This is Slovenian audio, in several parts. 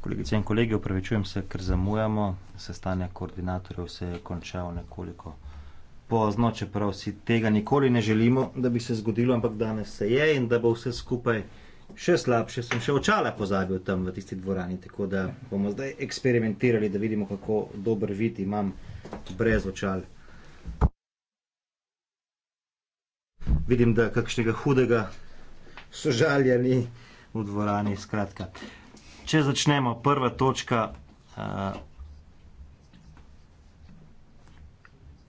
Kolegice in kolegi, upravičujem se, ker zamujamo, sestanek koordinatorjev se je končal nekoliko pozno, čeprav si tega nikoli ne želimo, da bi se zgodilo, ampak danes se je in da bo vse skupaj še slabše. Sem še očala pozabil tam v tisti dvorani, tako da bomo zdaj eksperimentirali, da vidimo, kako dober vid imam brez očal. Vidim, da kakšnega hudega sožalja ni v dvorani, skratka. Če začnemo, prva točka eh,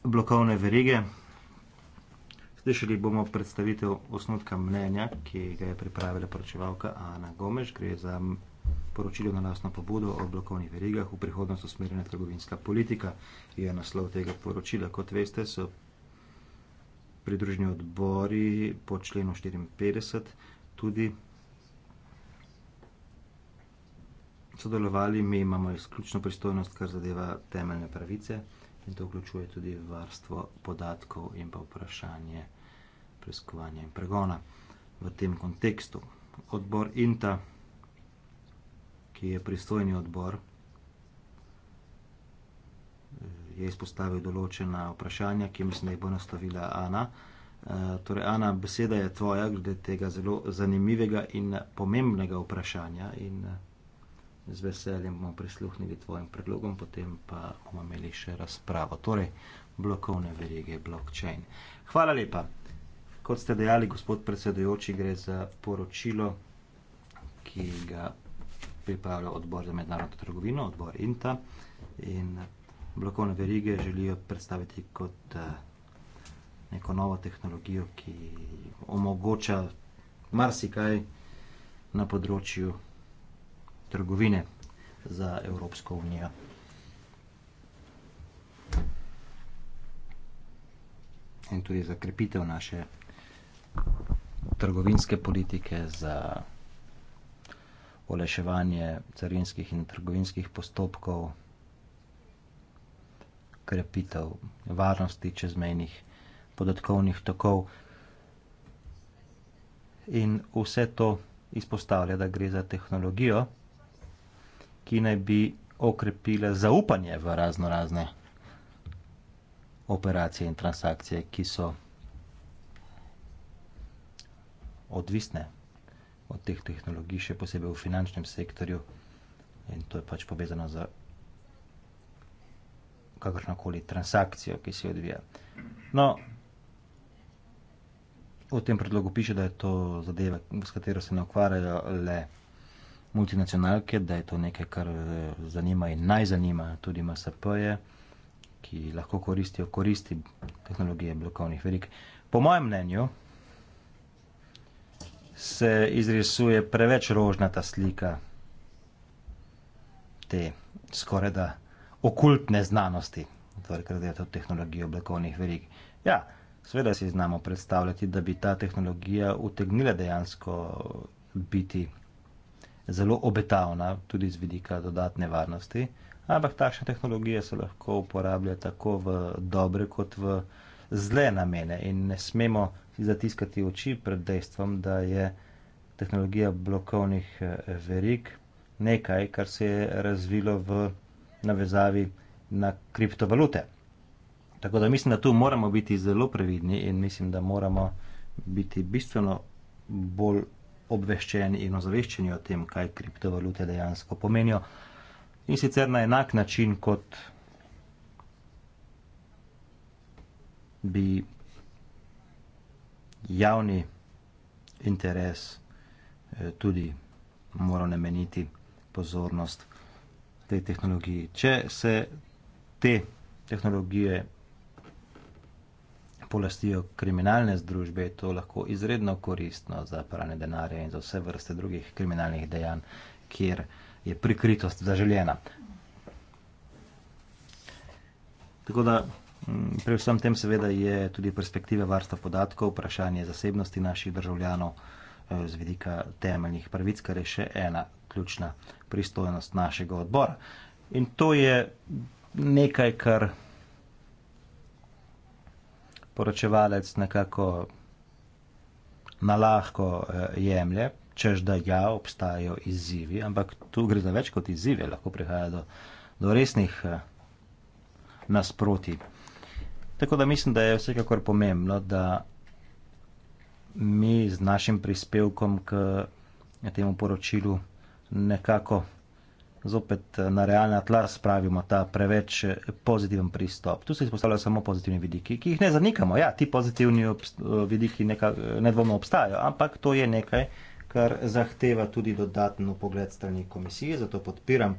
blokovne verige. Slišali bomo predstavitev osnotka mnenja, ki ga je pripravila poročevalka Ana Gomeš. Gre za poročilo na lasno pobudo o blokovnih verigah v prihodnost usmerjena trgovinska politika. Je naslov tega poročila. Kot veste, so pridružni odbori po členu 54 tudi sodelovali, mi imamo izključno pristojnost, kar zadeva temeljne pravice in to vključuje tudi varstvo podatkov in pa vprašanje preiskovanja in pregona v tem kontekstu. Odbor INTA, ki je pristojni odbor, je izpostavil določena vprašanja, ki mislim, da jih bo nastavila Ana. Eh, torej, Ana, beseda je tvoja glede tega zelo zanimivega in pomembnega vprašanja in vprašanja. Eh, z veseljem bomo prisluhnili tvojim predlogom, potem pa bomo imeli še razpravo. Torej, blokovne verige, blockchain. Hvala lepa. Kot ste dejali, gospod predsedujoči, gre za poročilo, ki ga pripravlja odbor za mednarodno trgovino, odbor INTA. In blokovne verige želijo predstaviti kot eh, neko novo tehnologijo, ki omogoča marsikaj na področju trgovine za Evropsko unijo. In tudi za krepitev naše trgovinske politike, za oleševanje carinskih in trgovinskih postopkov, krepitev varnosti čezmejnih podatkovnih tokov. In vse to izpostavlja, da gre za tehnologijo, ki naj bi okrepile zaupanje v razno razne operacije in transakcije, ki so odvisne od teh tehnologij, še posebej v finančnem sektorju in to je pač povezano za kakršnokoli transakcijo, ki se odvija. No, v tem predlogu piše, da je to zadeva, s katero se ne ukvarjajo le vsega, multinacionalke, da je to nekaj, kar eh, zanima in naj zanima tudi MSP-je, ki lahko koristijo koristi tehnologije blokovnih verik. Po mojem mnenju se izrisuje preveč rožnata slika te skoraj da okultne znanosti, torej kar to tehnologijo blokovnih verik. Ja, seveda si znamo predstavljati, da bi ta tehnologija utegnila dejansko biti zelo obetavna, tudi z vidika dodatne varnosti. Ampak takšne tehnologije se lahko uporablja tako v dobre kot v zle namene in ne smemo zatiskati oči pred dejstvom, da je tehnologija blokovnih eh, verik nekaj, kar se je razvilo v navezavi na kriptovalute. Tako da mislim, da tu moramo biti zelo previdni in mislim, da moramo biti bistveno bolj obveščeni in ozaveščeni o tem, kaj kriptovalute dejansko pomenijo. In sicer na enak način, kot bi javni interes eh, tudi moral nameniti pozornost tej tehnologiji. Če se te tehnologije polastijo kriminalne združbe, je to lahko izredno koristno za pranje denarja in za vse vrste drugih kriminalnih dejanj, kjer je prikritost zaželjena. Tako da mm, pri vsem tem seveda je tudi perspektive varstva podatkov, vprašanje zasebnosti naših državljanov eh, z vidika temeljnih pravic, kar je še ena ključna pristojnost našega odbora. In to je nekaj, kar poročevalec nekako nalahko eh, jemlje, češ da ja, obstajajo izzivi, ampak tu gre za več kot izzive, lahko prihaja do, do resnih eh, nasproti. Tako da mislim, da je vsekakor pomembno, da mi z našim prispevkom k temu poročilu nekako zopet eh, na realna tla spravimo ta preveč eh, pozitiven pristop. Tu se izpostavljajo samo pozitivni vidiki, ki jih ne zanikamo. Ja, ti pozitivni eh, vidiki nedvomno obstajajo, ampak to je nekaj, kar zahteva tudi dodatno pogled strani komisije, zato podpiram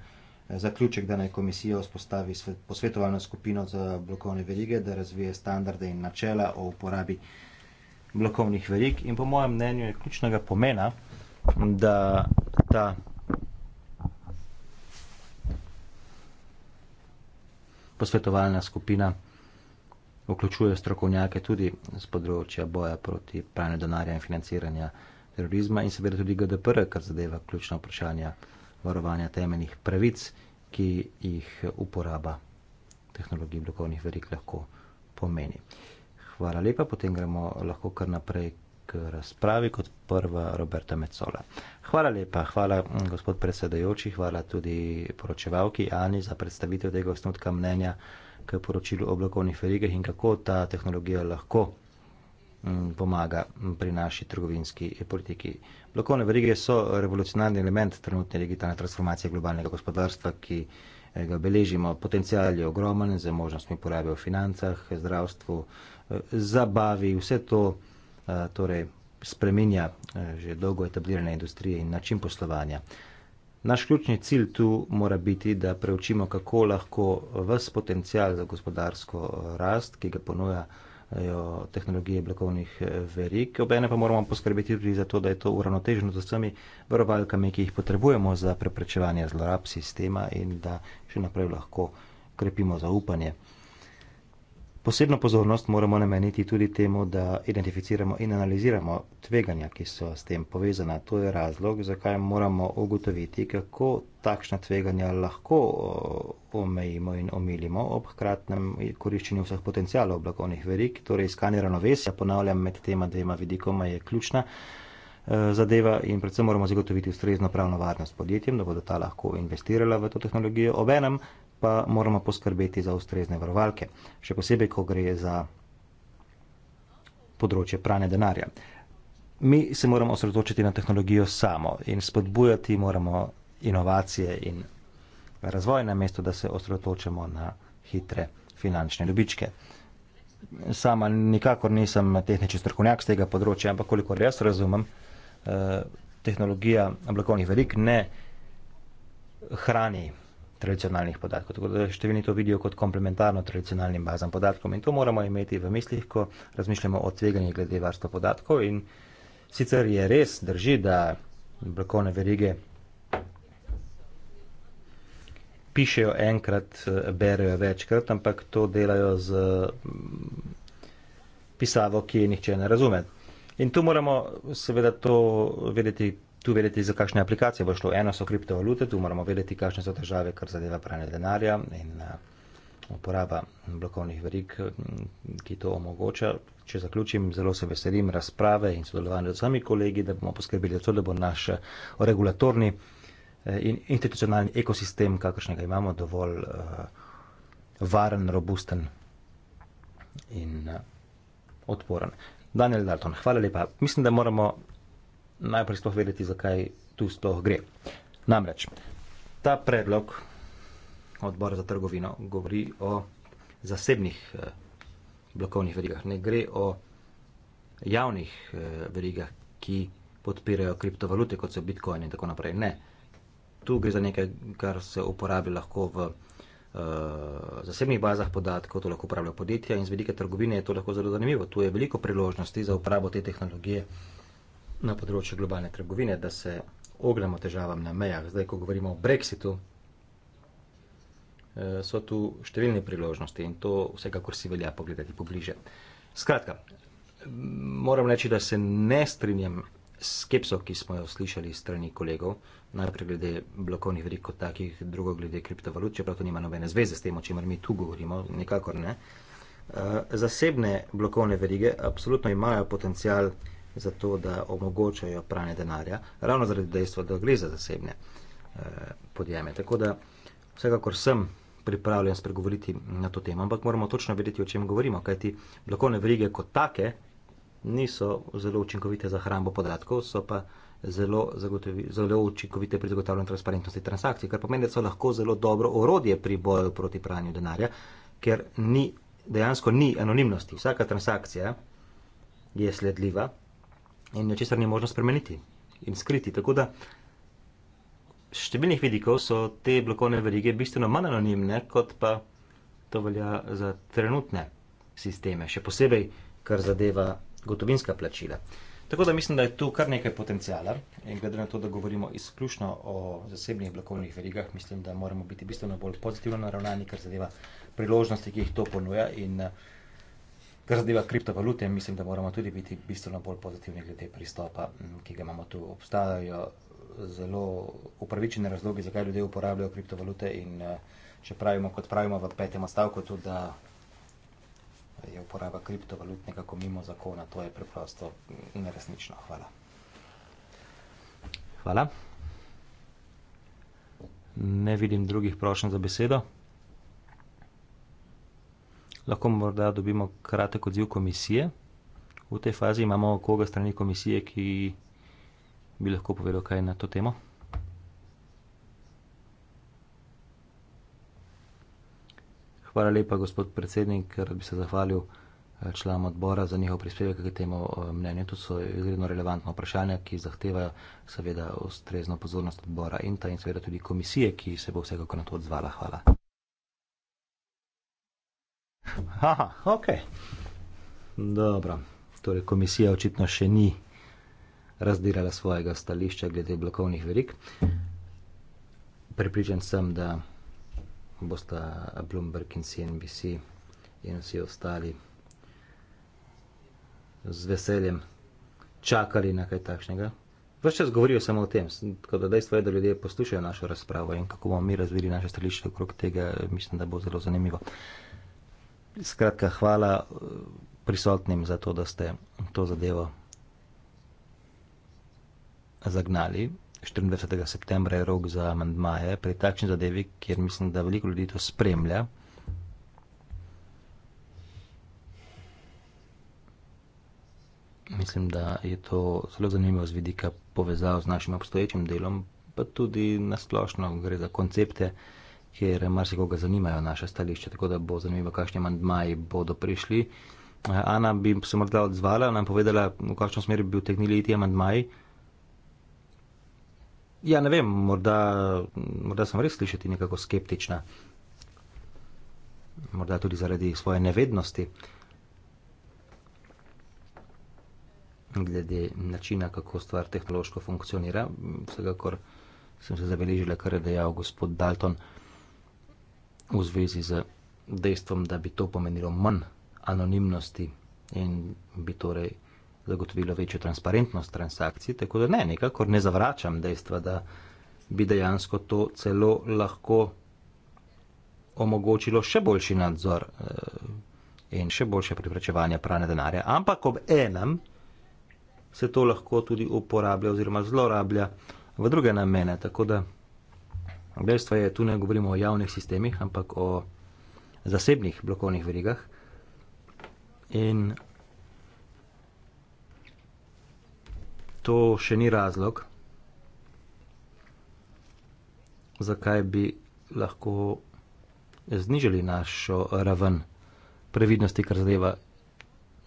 zaključek, da naj komisija vzpostavi posvetovalno skupino za blokovne verige, da razvije standarde in načela o uporabi blokovnih verig in po mojem mnenju je ključnega pomena, da ta posvetovalna skupina vključuje strokovnjake tudi z področja boja proti pranju denarja in financiranja terorizma in seveda tudi GDPR, kar zadeva ključna vprašanja varovanja temeljnih pravic, ki jih uporaba tehnologij blokovnih verik lahko pomeni. Hvala lepa, potem gremo lahko kar naprej k razpravi kot prva Roberta Mecola. Hvala lepa, hvala mm, gospod predsedajoči, hvala tudi poročevalki Ani za predstavitev tega osnutka mnenja k poročilu o oblakovnih verigah in kako ta tehnologija lahko mm, pomaga pri naši trgovinski politiki. Blokovne verige so revolucionarni element trenutne digitalne transformacije globalnega gospodarstva, ki eh, ga beležimo. Potencial je ogromen za možnostmi porabe v financah, zdravstvu, eh, zabavi, vse to. Eh, torej spreminja eh, že dolgo etablirane industrije in način poslovanja. Naš ključni cilj tu mora biti, da preučimo, kako lahko vse potencijal za gospodarsko eh, rast, ki ga ponujajo tehnologije blokovnih verik, obene pa moramo poskrbeti tudi za to, da je to uravnoteženo z vsemi varovalkami, ki jih potrebujemo za preprečevanje zlorab sistema in da še naprej lahko krepimo zaupanje. Posebno pozornost moramo nameniti tudi temu, da identificiramo in analiziramo tveganja, ki so s tem povezana. To je razlog, zakaj moramo ugotoviti, kako takšna tveganja lahko omejimo in omilimo ob hkratnem koriščenju vseh potencijalov oblakovnih verik. Torej, iskanje ravnovesja, ponavljam, med tema dvema vidikoma je ključna e, zadeva in predvsem moramo zagotoviti ustrezno pravno varnost podjetjem, da bodo ta lahko investirala v to tehnologijo. Obenem pa moramo poskrbeti za ustrezne varovalke, še posebej, ko gre za področje prane denarja. Mi se moramo osredotočiti na tehnologijo samo in spodbujati moramo inovacije in razvoj na mesto, da se osredotočamo na hitre finančne dobičke. Sama nikakor nisem tehnični strokovnjak z tega področja, ampak koliko jaz razumem, eh, tehnologija oblakovnih verik ne hrani tradicionalnih podatkov. Tako da številni to vidijo kot komplementarno tradicionalnim bazam podatkov in to moramo imeti v mislih, ko razmišljamo o tveganju glede varstva podatkov. In sicer je res, drži, da blokovne verige pišejo enkrat, berejo večkrat, ampak to delajo z mm, pisavo, ki je nihče ne razume. In tu moramo seveda to vedeti tu vedeti, za kakšne aplikacije bo šlo. Eno so kriptovalute, tu moramo vedeti, kakšne so težave, kar zadeva pranje denarja in eh, uporaba blokovnih verik, mm, ki to omogoča. Če zaključim, zelo se veselim razprave in sodelovanja z vami, kolegi, da bomo poskrbeli za to, da bo naš eh, regulatorni eh, in institucionalni ekosistem, kakršnega imamo, dovolj uh, varen, robusten in uh, odporen. Daniel Dalton, hvala lepa. Mislim, da moramo najprej sploh vedeti, zakaj tu sploh gre. Namreč, ta predlog odbora za trgovino govori o zasebnih eh, blokovnih verigah. Ne gre o javnih eh, verigah, ki podpirajo kriptovalute, kot so Bitcoin in tako naprej. Ne. Tu gre za nekaj, kar se uporabi lahko v eh, zasebnih bazah podatkov, to lahko uporabljajo podjetja in z velike trgovine je to lahko zelo zanimivo. Tu je veliko priložnosti za uporabo te tehnologije na področju globalne trgovine, da se ognemo težavam na mejah. Zdaj, ko govorimo o brexitu, eh, so tu številne priložnosti in to vsekakor si velja pogledati pobliže. Skratka, moram reči, da se ne strinjam skepso, ki smo jo slišali strani kolegov, najprej glede blokovnih verik kot takih, drugo glede kriptovalut, čeprav to nima nobene zveze s tem, o čemer mi tu govorimo, nikakor ne. Eh, zasebne blokovne verige absolutno imajo potencial uh, za to, da omogočajo pranje denarja, ravno zaradi dejstva, da gre za zasebne eh, podjeme. Tako da vsekakor sem pripravljen spregovoriti na to temo, ampak moramo točno vedeti, o čem govorimo, kajti blokovne verige kot take niso zelo učinkovite za hrambo podatkov, so pa zelo, zelo učinkovite pri zagotavljanju transparentnosti transakcij, kar pomeni, da so lahko zelo dobro orodje pri boju proti pranju denarja, ker ni, dejansko ni anonimnosti. Vsaka transakcija je sledljiva, in ničesar ni možno spremeniti in skriti. Tako da, z številnih vidikov so te blokovne verige bistveno manj anonimne, kot pa to velja za trenutne sisteme, še posebej, kar zadeva gotovinska plačila. Tako da mislim, da je tu kar nekaj potencijala in glede na to, da govorimo izključno o zasebnih blokovnih verigah, mislim, da moramo biti bistveno bolj pozitivno naravnani, kar zadeva priložnosti, ki jih to ponuja in uh, Kar zadeva kriptovalute, mislim, da moramo tudi biti bistveno bolj pozitivni glede pristopa, ki ga imamo tu. Obstajajo zelo upravičene razloge, zakaj ljudje uporabljajo kriptovalute in eh, če pravimo, kot pravimo v petem stavku, tudi, da je uporaba kriptovalut nekako mimo zakona, to je preprosto neresnično. Hvala. Hvala. Ne vidim drugih prošenj za besedo lahko morda dobimo kratek odziv komisije. V tej fazi imamo koga strani komisije, ki bi lahko povedal kaj na to temo. Hvala lepa, gospod predsednik, rad bi se zahvalil eh, članom odbora za njihov prispevek k temu eh, mnenju. To so izredno relevantna vprašanja, ki zahtevajo seveda ustrezno pozornost odbora INTA in seveda tudi komisije, ki se bo vsekakor na to odzvala. Hvala. Aha, ok. Dobro. Torej, komisija očitno še ni razdirala svojega stališča glede blokovnih verik. Pripričan sem, da bosta Bloomberg in CNBC in vsi ostali z veseljem čakali na kaj takšnega. Ves čas govorijo samo o tem, tako da dejstvo je, da ljudje poslušajo našo razpravo in kako bomo mi razvili naše stališče okrog tega, mislim, da bo zelo zanimivo. Skratka, hvala eh, prisotnim za to, da ste to zadevo zagnali. 24. septembra je rok za amandmaje. Pri takšni zadevi, kjer mislim, da veliko ljudi to spremlja, mislim, da je to zelo zanimivo z vidika povezav z našim obstoječim delom, pa tudi nasplošno gre za koncepte kjer marsikoga zanimajo naše stališče, tako da bo zanimivo, kakšni amandmaji bodo prišli. Ana bi se morda odzvala, nam povedala, v kakšno smer bi utegnili ti amandmaji. Ja, ne vem, morda, morda sem res slišati nekako skeptična. Morda tudi zaradi svoje nevednosti. Glede načina, kako stvar tehnološko funkcionira, vsekakor sem se zabeležila, kar je dejal gospod Dalton v zvezi z dejstvom, da bi to pomenilo manj anonimnosti in bi torej zagotovilo večjo transparentnost transakcij. Tako da ne, nekakor ne zavračam dejstva, da bi dejansko to celo lahko omogočilo še boljši nadzor eh, in še boljše priprečevanje prane denarja. Ampak ob enem se to lahko tudi uporablja oziroma zlorablja v druge namene. Tako da. Dejstvo je, tu ne govorimo o javnih sistemih, ampak o zasebnih blokovnih verigah. In to še ni razlog, zakaj bi lahko znižali našo raven previdnosti, kar zadeva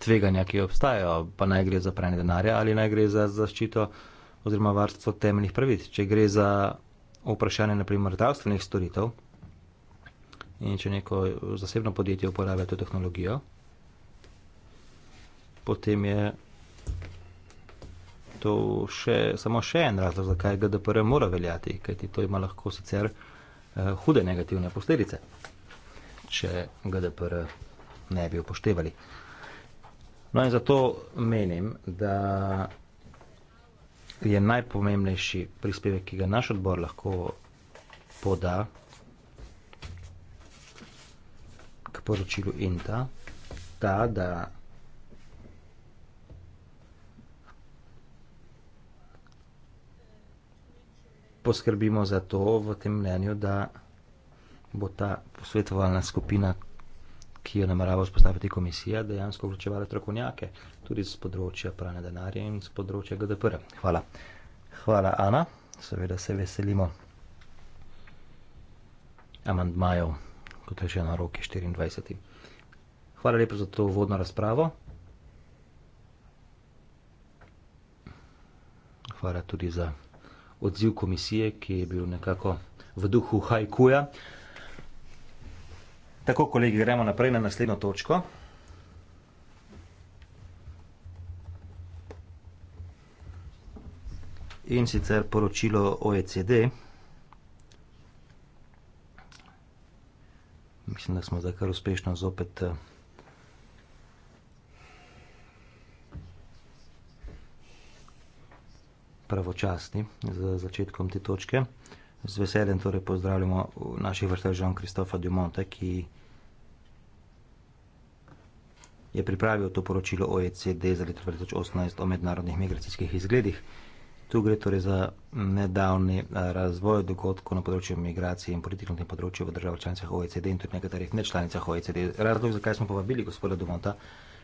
tveganja, ki obstajajo, pa naj gre za pranje denarja ali naj gre za zaščito oziroma varstvo temeljnih pravic. Če gre za vprašanje naprimer zdravstvenih storitev in če neko zasebno podjetje uporablja to tehnologijo, potem je to še, samo še en razlog, zakaj GDPR mora veljati, kajti to ima lahko sicer eh, hude negativne posledice, če GDPR ne bi upoštevali. No in zato menim, da je najpomembnejši prispevek, ki ga naš odbor lahko poda k poročilu INTA, ta, da poskrbimo za to v tem mnenju, da bo ta posvetovalna skupina ki jo namerava vzpostaviti komisija, dejansko vključevala strokovnjake, tudi z področja pranja denarja in z področja GDPR. Hvala. Hvala, Ana. Seveda se veselimo amandmajev, kot je že na roki 24. Hvala lepa za to vodno razpravo. Hvala tudi za odziv komisije, ki je bil nekako v duhu hajkuja. Tako, kolegi, gremo naprej na naslednjo točko. In sicer poročilo OECD. Mislim, da smo zdaj kar uspešno zopet. Eh, pravočasni z začetkom te točke. Z veseljem torej pozdravljamo naših vrstah Jean-Christophe Dumont, ki je je pripravil to poročilo OECD za leto 2018 o mednarodnih migracijskih izgledih. Tu gre torej za nedavni eh, razvoj dogodkov na področju migracije in politikov na področju v državah članicah OECD in tudi nekaterih nečlanicah OECD. Razlog, zakaj smo povabili gospoda Dumonta,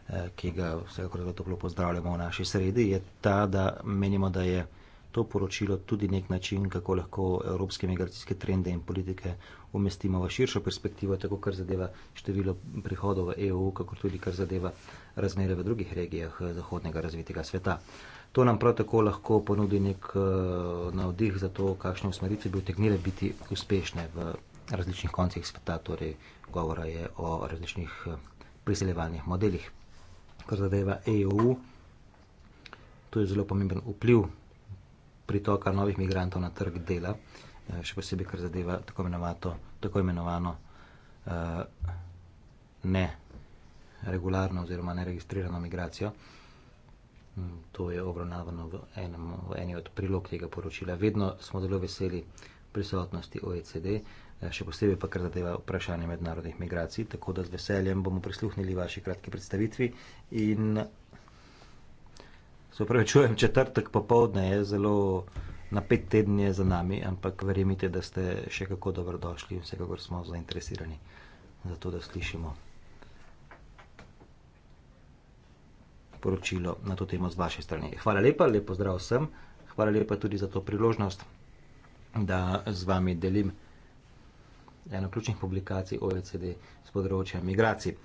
eh, ki ga vsekakor zelo toplo pozdravljamo v naši sredi, je ta, da menimo, da je to poročilo tudi nek način, kako lahko evropske migracijske trende in politike umestimo v širšo perspektivo, tako kar zadeva število prihodov v EU, kako tudi kar zadeva razmere v drugih regijah eh, zahodnega razvitega sveta. To nam prav tako lahko ponudi nek eh, navdih za to, kakšne usmeritve bi utegnile biti uspešne v različnih koncih sveta, torej govora je o različnih eh, priseljevalnih modelih. Kar zadeva EU, to je zelo pomemben vpliv pritoka novih migrantov na trg dela, eh, še posebej, kar zadeva tako imenovano, tako imenovano eh, ne regularno oziroma neregistrirano migracijo. Mm, to je obravnavano v, enem, v eni od prilog tega poročila. Vedno smo zelo veseli prisotnosti OECD, eh, še posebej pa kar zadeva vprašanje mednarodnih migracij, tako da z veseljem bomo prisluhnili vaši kratki predstavitvi in Se pravi, čujem četrtek popovdne, je zelo napet teden za nami, ampak verjemite, da ste še kako dobrodošli in vsekakor smo zainteresirani za to, da slišimo poročilo na to temo z vaše strani. Hvala lepa, lepo zdrav vsem, hvala lepa tudi za to priložnost, da z vami delim eno ključnih publikacij OECD s področja migracij.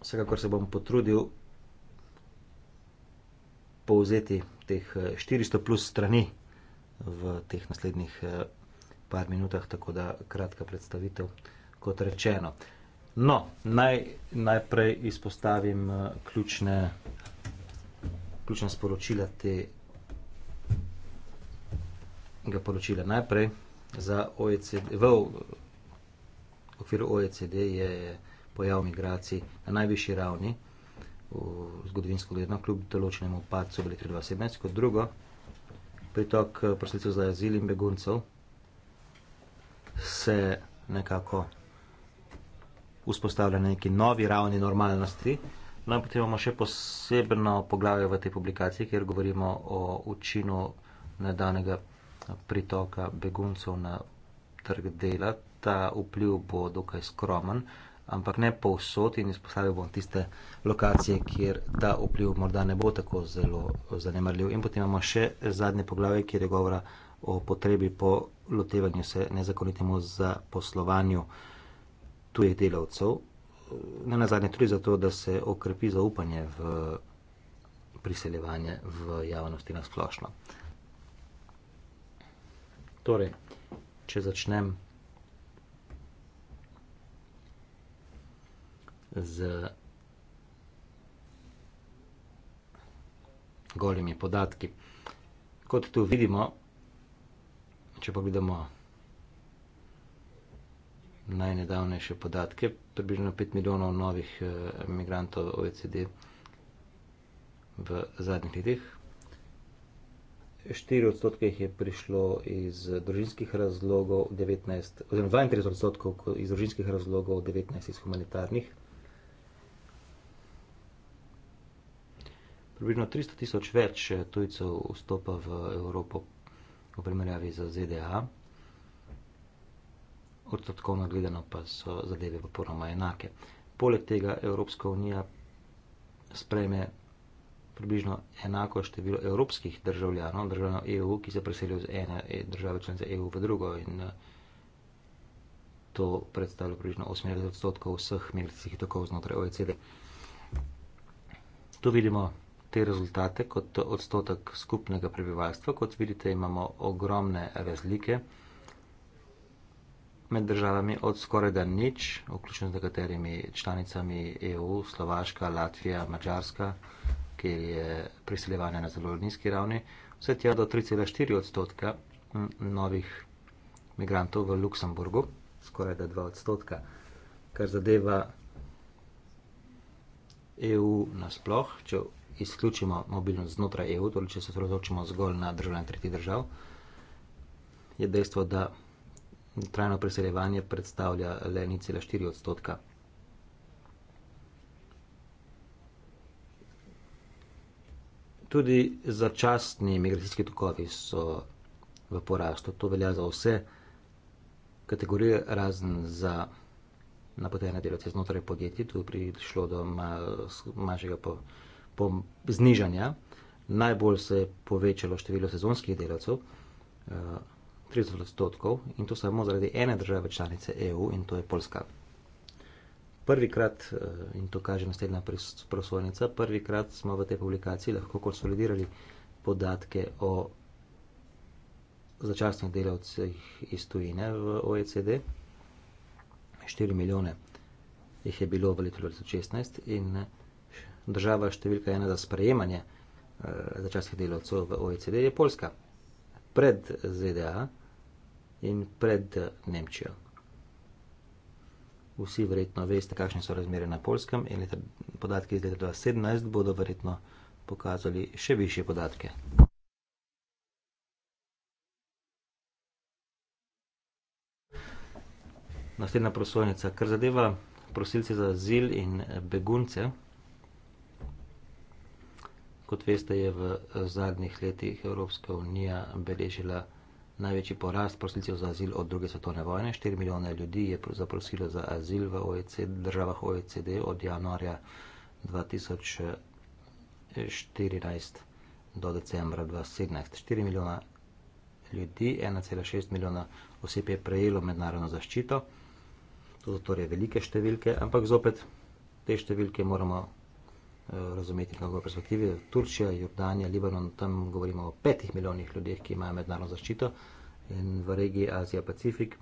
Vsekakor se bom potrudil povzeti teh 400 eh, plus strani v teh naslednjih eh, par minutah, tako da kratka predstavitev kot rečeno. No, naj, najprej izpostavim eh, ključne, ključne sporočila tega poročila. Najprej za OECD, v, v okviru OECD je pojav migracij na najvišji ravni v zgodovinsko gledano kljub določenemu padcu v letu 2017, kot drugo, pritok eh, prosilcev za azil in beguncev se nekako vzpostavlja na neki novi ravni normalnosti. No, potem imamo še posebno poglavje v tej publikaciji, kjer govorimo o učinu nedavnega pritoka beguncev na trg dela. Ta vpliv bo dokaj skromen ampak ne povsod in izpostavil bom tiste lokacije, kjer ta vpliv morda ne bo tako zelo eh, zanemrljiv. In potem imamo še zadnje poglavje, kjer je govora o potrebi po lotevanju se nezakonitemu za poslovanju tujih delavcev, eh, ne na zadnje tudi zato, da se okrepi zaupanje v priseljevanje v javnosti na splošno. Torej, če začnem z golimi podatki. Kot tu vidimo, če pogledamo najnedavnejše podatke, približno 5 milijonov novih emigrantov eh, OECD v zadnjih letih. 4 odstotke jih je prišlo iz družinskih razlogov, 19, oziroma 32 odstotkov iz družinskih razlogov, 19 iz humanitarnih razlogov. približno 300 tisoč več eh, tujcev vstopa v Evropo v primerjavi z ZDA. Odstotkovno gledano pa so zadeve popolnoma enake. Poleg tega Evropska unija sprejme približno enako število evropskih državljanov, državljanov EU, ki se preselijo iz ene eh, države članice EU v drugo in eh, to predstavlja približno 80 odstotkov vseh migracijskih tokov znotraj OECD. Tu vidimo te rezultate kot odstotek skupnega prebivalstva. Kot vidite, imamo ogromne razlike med državami od skoraj da nič, vključno z nekaterimi članicami EU, Slovaška, Latvija, Mačarska, kjer je priseljevanje na zelo nizki ravni, vse tja do 3,4 odstotka novih migrantov v Luksemburgu, skoraj da 2 odstotka, kar zadeva EU nasploh, če izključimo mobilnost znotraj EU, torej če se osredotočimo zgolj na državljane tretjih držav, je dejstvo, da trajno preseljevanje predstavlja le 0,4 odstotka. Tudi začasni migracijski tokovi so v porastu. To velja za vse kategorije, razen za napotene delavce znotraj podjetij. Tu je prišlo do manjšega povrata znižanja, najbolj se je povečalo število sezonskih delavcev, 30 eh, odstotkov, in to samo zaradi ene države članice EU, in to je Poljska. Prvikrat, eh, in to kaže naslednja prosojnica, prvikrat smo v tej publikaciji lahko konsolidirali podatke o začasnih delavcih iz tujine v OECD. 4 milijone jih je bilo v letu 2016 in eh, država številka ena za sprejemanje eh, začasnih delavcev v OECD je Poljska. Pred ZDA in pred eh, Nemčijo. Vsi verjetno veste, kakšne so razmere na Poljskem in leta, podatki iz leta 2017 bodo verjetno pokazali še više podatke. Naslednja prosojnica, kar zadeva prosilce za azil in eh, begunce, Kot veste, je v eh, zadnjih letih Evropska unija beležila največji porast prosilcev za azil od druge svetovne vojne. 4 milijone ljudi je zaprosilo za azil v OECD, državah OECD od januarja 2014 eh, do decembra 2017. 4 milijona ljudi, 1,6 milijona oseb je prejelo mednarodno zaščito. To so torej velike številke, ampak zopet te številke moramo Eh, razumeti v njegovi perspektivi. Turčija, Jordanija, Libanon, tam govorimo o petih milijonih ljudeh, ki imajo mednarodno zaščito in v regiji Azija-Pacifik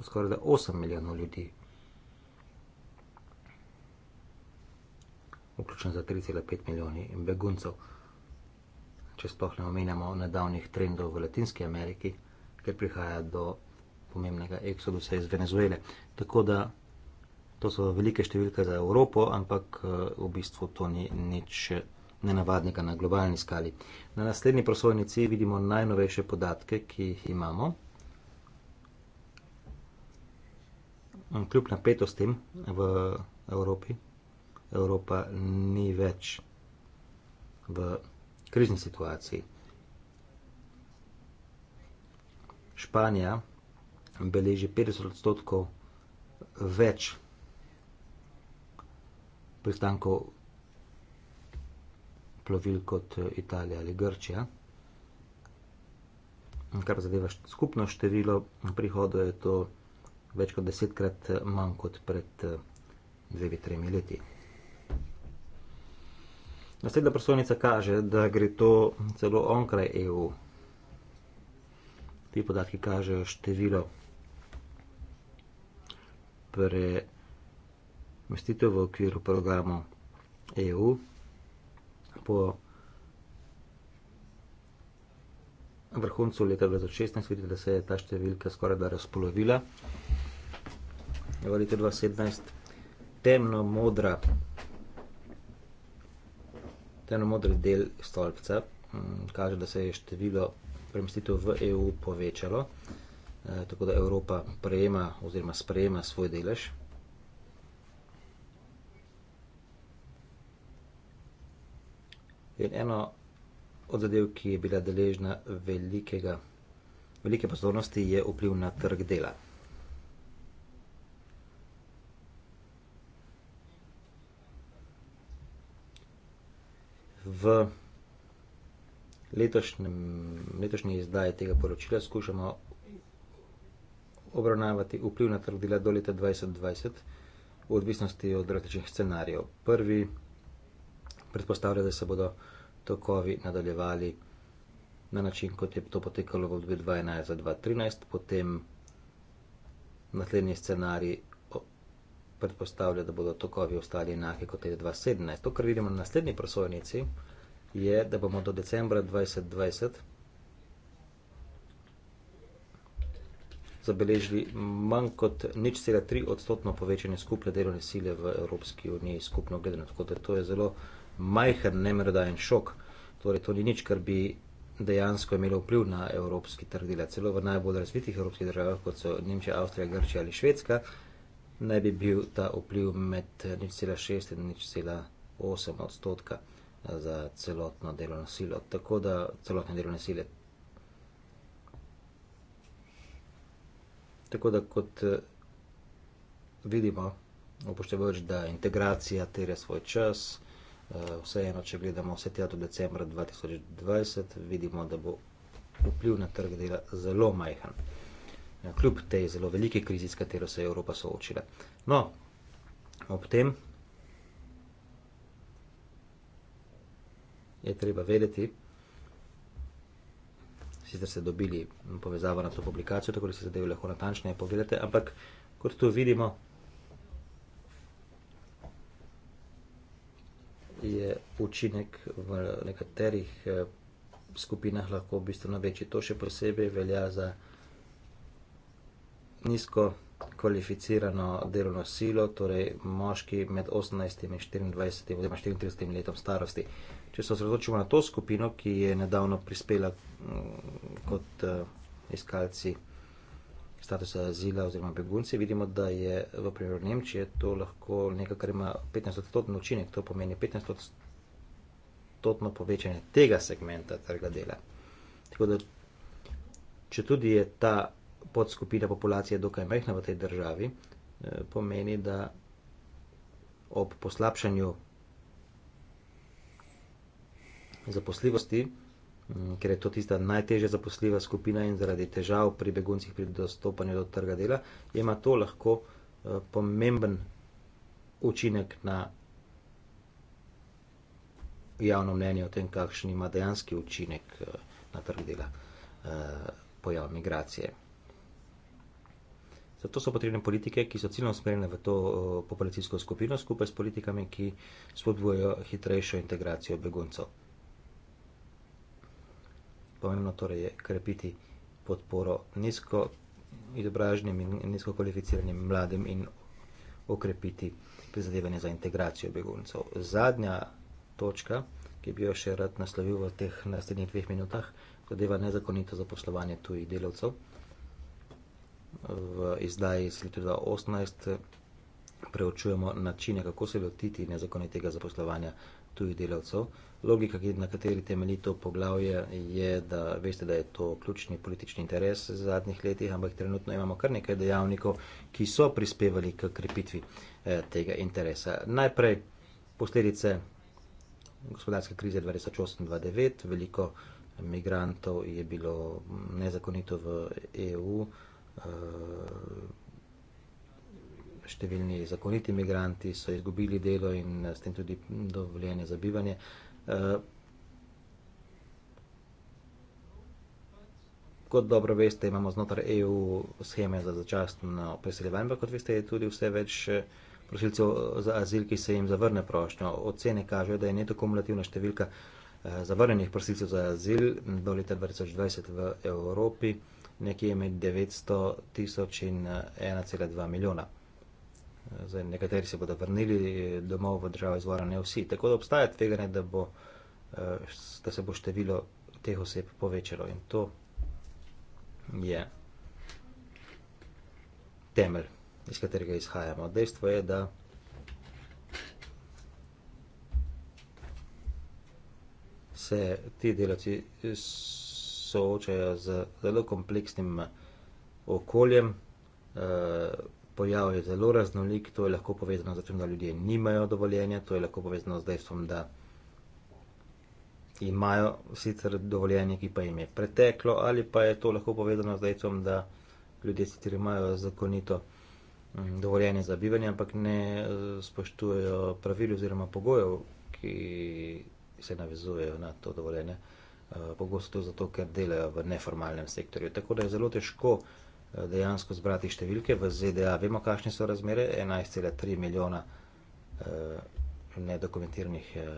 skoraj da osem milijonov ljudi. Vključno za 3,5 milijoni beguncev. Če sploh ne omenjamo nedavnih trendov v Latinski Ameriki, ker prihaja do pomembnega eksodusa iz Venezuele. Tako da to so velike številke za Evropo, ampak eh, v bistvu to ni nič nenavadnega na globalni skali. Na naslednji prosojnici vidimo najnovejše podatke, ki jih imamo. Kljub napetostim v Evropi, Evropa ni več v krizni situaciji. Španija beleži 50 odstotkov več pristankov plovil kot eh, Italija ali Grčija. Kar zadeva skupno število prihodov, je to več kot desetkrat eh, manj kot pred eh, dvemi, tremi leti. Naslednja prosovnica kaže, da gre to celo onkraj EU. Ti podatki kažejo število pre umestitev v okviru programov EU po vrhuncu leta 2016 vidite, da se je ta številka skoraj da razpolovila. V letu 2017 temno modra temno modri del stolpca mm, kaže, da se je število premestitev v EU povečalo, eh, tako da Evropa prejema oziroma sprejema svoj delež In eno od zadev, ki je bila deležna velikega, velike pozornosti, je vpliv na trg dela. V letošnji izdaji tega poročila skušamo obravnavati vpliv na trg dela do leta 2020 v odvisnosti od različnih scenarijev. Prvi predpostavlja, da se bodo tokovi nadaljevali na način, kot je to potekalo v obdobju 2011-2013, potem naslednji scenarij predpostavlja, da bodo tokovi ostali enake kot je 2017. To, kar vidimo na naslednji prosojnici, je, da bomo do decembra 2020 zabeležili manj kot nič sela tri odstotno povečanje skupne delovne sile v Evropski uniji skupno gledano. Tako da to je zelo majhen, nemerodajen šok. Torej, to ni nič, kar bi dejansko imelo vpliv na evropski trg dela. Celo v najbolj razvitih evropskih državah, kot so Nemčija, Avstrija, Grčija ali Švedska, naj bi bil ta vpliv med 0,6 in 0,8 odstotka za celotno delovno silo. Tako da celotne delovne sile. Tako da kot vidimo, upoštevajoč, da integracija terja svoj čas, Eh, vseeno, če gledamo vse tja do decembra 2020, vidimo, da bo vpliv na trg dela zelo majhen. Ja, kljub tej zelo velike krizi, s katero se je Evropa soočila. No, ob tem je treba vedeti, sicer ste dobili povezavo na to publikacijo, tako da si zadeve lahko natančneje pogledate, ampak kot tu vidimo, je učinek v nekaterih eh, skupinah lahko bistveno večji. To še posebej velja za nizko kvalificirano delovno silo, torej moški med 18 in 24 oziroma 34 letom starosti. Če se osredotočimo na to skupino, ki je nedavno prispela mm, kot eh, iskalci statusa azila oziroma begunci, vidimo, da je v primeru Nemčije to lahko nekaj, kar ima 15-odstotni učinek, to pomeni 15-odstotno povečanje tega segmenta trga dela. Tako da, če tudi je ta podskupina populacije dokaj majhna v tej državi, eh, pomeni, da ob poslabšanju zaposljivosti Mm, ker je to tista najtežje zaposljiva skupina in zaradi težav pri beguncih pri dostopanju do trga dela, ima to lahko eh, pomemben učinek na javno mnenje o tem, kakšen ima dejanski učinek eh, na trg dela eh, pojav migracije. Zato so potrebne politike, ki so ciljno usmerjene v to populacijsko skupino, skupaj s politikami, ki spodbujajo hitrejšo integracijo beguncov pomembno torej je krepiti podporo nizko izobraženim in nizko kvalificiranim mladim in okrepiti prizadevanje za integracijo beguncev. Zadnja točka, ki bi jo še rad naslovil v teh naslednjih dveh minutah, zadeva nezakonito zaposlovanje tujih delavcev. V izdaji iz leta 2018 preučujemo načine, kako se lotiti nezakonitega zaposlovanja tujih delavcev. Logika, na kateri temelji to poglavje, je, da veste, da je to ključni politični interes v zadnjih letih, ampak trenutno imamo kar nekaj dejavnikov, ki so prispevali k krepitvi eh, tega interesa. Najprej posledice gospodarske krize 2008-2009, veliko migrantov je bilo nezakonito v EU. Eh, številni zakoniti imigranti so izgubili delo in eh, s tem tudi dovoljenje za bivanje. Eh, kot dobro veste, imamo znotraj EU scheme za začasno preseljevanje, ampak kot veste, je tudi vse več eh, prosilcev za azil, ki se jim zavrne prošnjo. Ocene kažejo, da je neto kumulativna številka zavrnenih prosilcev za azil do leta 2020 v Evropi nekje med 900 tisoč in 1,2 milijona. Zdaj, nekateri se bodo vrnili domov v državo izvora, ne vsi. Tako da obstaja tveganje, da, eh, da se bo število teh oseb povečalo in to je temelj, iz katerega izhajamo. Dejstvo je, da se ti delavci soočajo z zelo kompleksnim okoljem. Uh, pojav je zelo raznolik, to je lahko povezano z tem, da ljudje nimajo dovoljenja, to je lahko povezano z dejstvom, da imajo sicer dovoljenje, ki pa jim je preteklo, ali pa je to lahko povezano z dejstvom, da ljudje sicer imajo zakonito mm, dovoljenje za bivanje, ampak ne eh, spoštujejo pravil oziroma pogojev, ki se navezujejo na to dovoljenje. Eh, pogosto zato, ker delajo v neformalnem sektorju. Tako da je zelo težko uh, Eh, dejansko zbrati številke. V ZDA vemo, kakšne so razmere. 11,3 milijona eh, nedokumentiranih eh,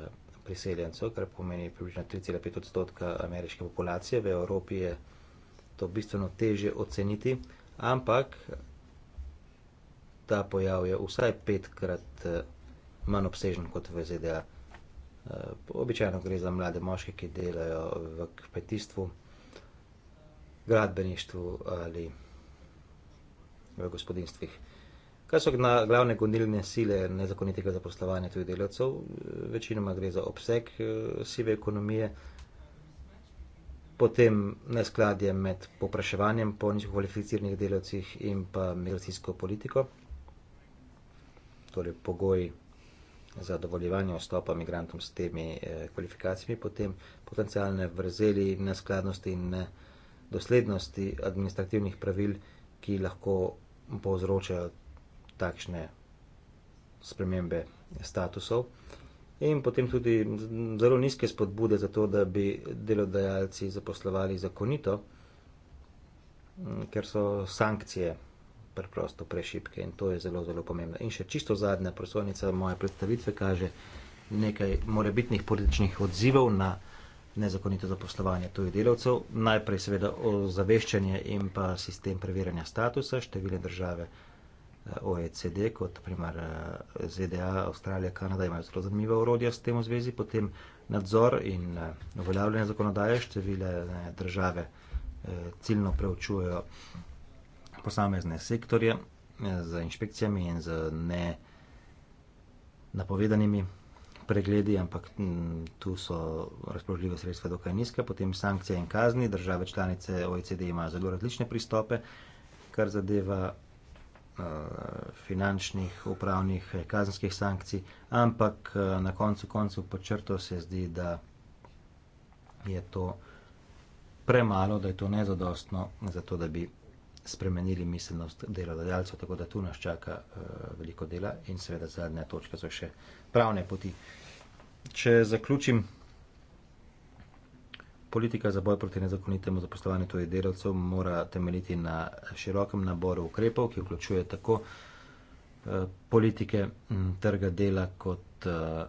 priseljencev, kar pomeni približno 3,5 odstotka ameriške populacije. V Evropi je to bistveno teže oceniti, ampak ta pojav je vsaj petkrat eh, manj obsežen kot v ZDA. Eh, običajno gre za mlade moške, ki delajo v kmetijstvu, gradbeništvu ali v gospodinstvih. Kaj so glavne gonilne sile nezakonitega zaposlovanja tujih delavcev? Večinoma gre za obseg eh, sive ekonomije, potem neskladje med popraševanjem po nizkokvalificiranih delavcih in pa migracijsko politiko, torej pogoji za dovoljevanje vstopa migrantom s temi eh, kvalifikacijami, potem potencialne vrzeli, neskladnosti in nedoslednosti administrativnih pravil in ki lahko povzročajo takšne spremembe statusov. In potem tudi zelo nizke spodbude za to, da bi delodajalci zaposlovali zakonito, mm, ker so sankcije preprosto prešipke in to je zelo, zelo pomembno. In še čisto zadnja prosojnica moje predstavitve kaže nekaj morebitnih političnih odzivov na nezakonito zaposlovanje tujih delavcev, najprej seveda ozaveščanje in pa sistem preverjanja statusa, številne države eh, OECD, kot primar eh, ZDA, Avstralija, Kanada imajo zelo zanimiva urodja s tem v zvezi, potem nadzor in eh, uveljavljanje zakonodaje, številne države ciljno preučujejo posamezne sektorje z inšpekcijami in z ne napovedanimi pregledi, ampak mm, tu so razpoložljive sredstva dokaj nizke, potem sankcije in kazni. Države članice OECD imajo zelo različne pristope, kar zadeva uh, finančnih, upravnih, eh, kazenskih sankcij, ampak uh, na koncu koncu počrto se zdi, da je to premalo, da je to nezadostno, zato da bi spremenili miselnost delodajalcev, tako da tu nas čaka uh, veliko dela in seveda zadnja točka so še pravne poti. Če zaključim, politika za boj proti nezakonitemu zaposlovanju tujih delavcev mora temeljiti na širokem naboru ukrepov, ki vključuje tako uh, politike m, trga dela kot uh,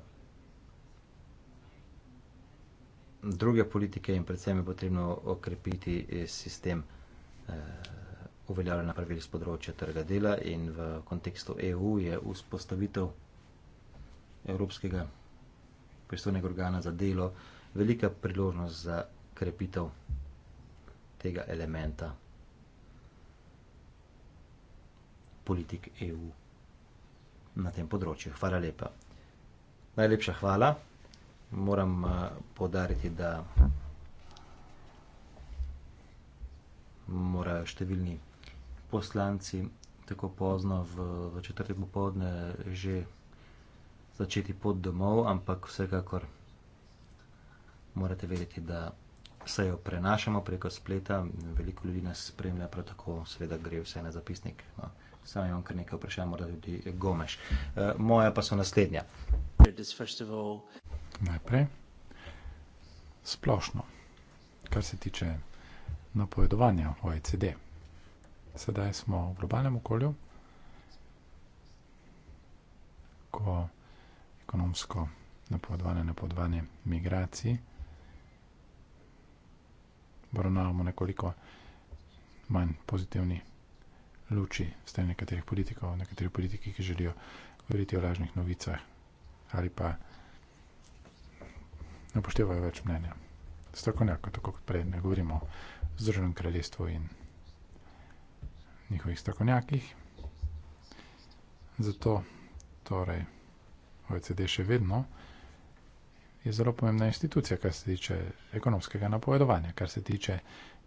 druge politike in predvsem je potrebno okrepiti sistem. Eh uveljavljena pravil z področja trga dela in v kontekstu EU je vzpostavitev Evropskega pristojnega organa za delo velika priložnost za krepitev tega elementa politik EU na tem področju. Hvala lepa. Najlepša hvala. Moram eh, podariti, da morajo številni poslanci tako pozno v, v četrti popovdne že začeti pot domov, ampak vsekakor morate vedeti, da se jo prenašamo preko spleta, veliko ljudi nas spremlja, prav tako seveda gre vse na zapisnik. No. Samo imam kar nekaj vprašanj, morda tudi gomeš. E, moja pa so naslednja. Najprej splošno, kar se tiče napovedovanja OECD. Sedaj smo v globalnem okolju, ko ekonomsko napovedovanje na podvanje migraciji obravnavamo nekoliko manj pozitivni luči v strani nekaterih politikov, nekateri politiki, ki želijo govoriti o lažnih novicah ali pa ne upoštevajo več mnenja. Strokovnjaka, tako kot prej, ne govorimo o Združenem kraljestvu in njihovih strokovnjakih. Zato torej OECD še vedno je zelo pomembna institucija, kar se tiče ekonomskega napovedovanja, kar se tiče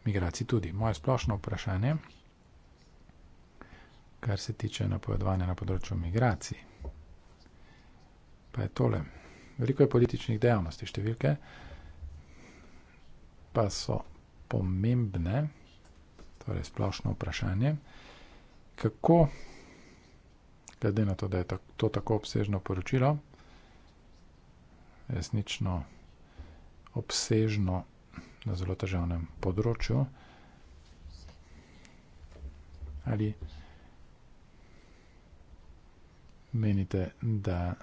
migracij tudi. Moje splošno vprašanje, kar se tiče napovedovanja na področju migracij, pa je tole. Veliko je političnih dejavnosti, številke pa so pomembne, torej splošno vprašanje. Kako, glede na to, da je to tako obsežno poročilo, resnično obsežno na zelo težavnem področju, ali menite, da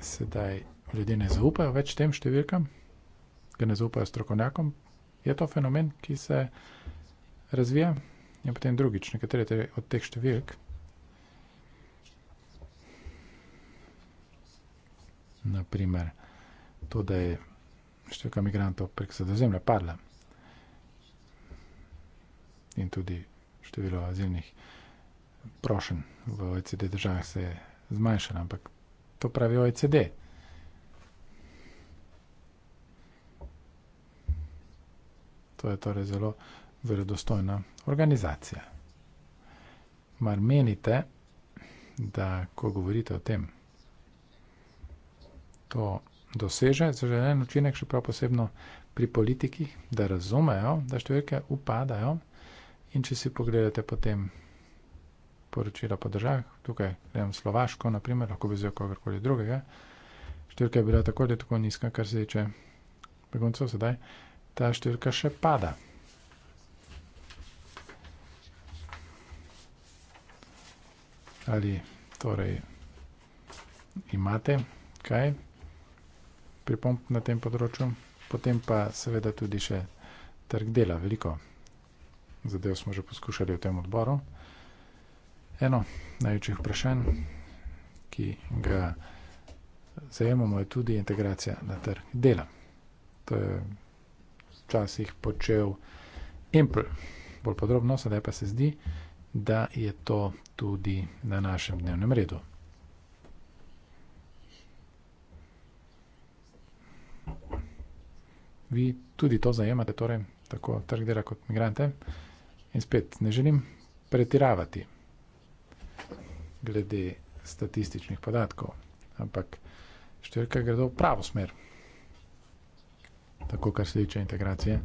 sedaj ljudje ne zaupajo več tem številkam? ga ne zaupajo strokovnjakom. Je to fenomen, ki se razvija in potem drugič, nekatere te, od teh številk. Naprimer, to, da je številka migrantov prek sredozemlja padla in tudi število azilnih prošen v OECD državah se je zmanjšalo, ampak to pravi OECD. To je torej zelo verodostojna organizacija. Mar menite, da ko govorite o tem, to doseže zaželen učinek, še prav posebno pri politikih, da razumejo, da številke upadajo in če si pogledate potem poročila po državah, tukaj gledam Slovaško, naprimer, lahko bi vzel kogarkoli drugega, številka je bila tako ali tako nizka, kar se tiče beguncev sedaj ta številka še pada. Ali torej imate kaj pripomp na tem področju, potem pa seveda tudi še trg dela veliko. Zadev smo že poskušali v tem odboru. Eno največjih vprašanj, ki ga zajemamo, je tudi integracija na trg dela. To je včasih počel Empel. Bolj podrobno, sedaj pa se zdi, da je to tudi na našem dnevnem redu. Vi tudi to zajemate, torej tako trg dela kot migrante. In spet ne želim pretiravati glede statističnih podatkov, ampak številke gredo v pravo smer tako kar se tiče integracije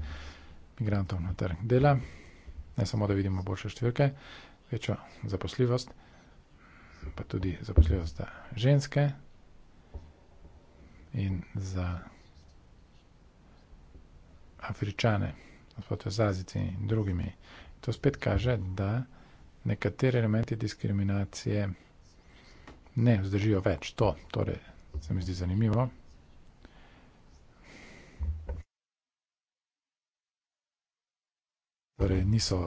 migrantov na trg dela. Ne samo, da vidimo boljše številke, večjo zaposljivost, pa tudi zaposljivost za ženske in za afričane, gospod Zazici in drugimi. To spet kaže, da nekateri elementi diskriminacije ne vzdržijo več to. Torej, se mi zdi zanimivo. torej niso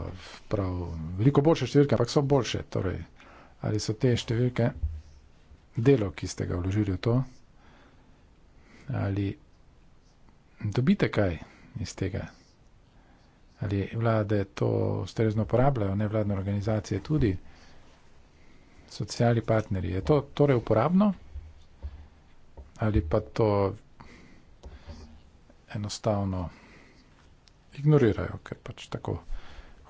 prav veliko boljše številke, ampak so boljše. Torej, ali so te številke delo, ki ste ga vložili v to, ali dobite kaj iz tega, ali vlade to ustrezno uporabljajo, ne vladne organizacije tudi, socialni partnerji. Je to torej uporabno? Ali pa to enostavno? ignorirajo, ker pač tako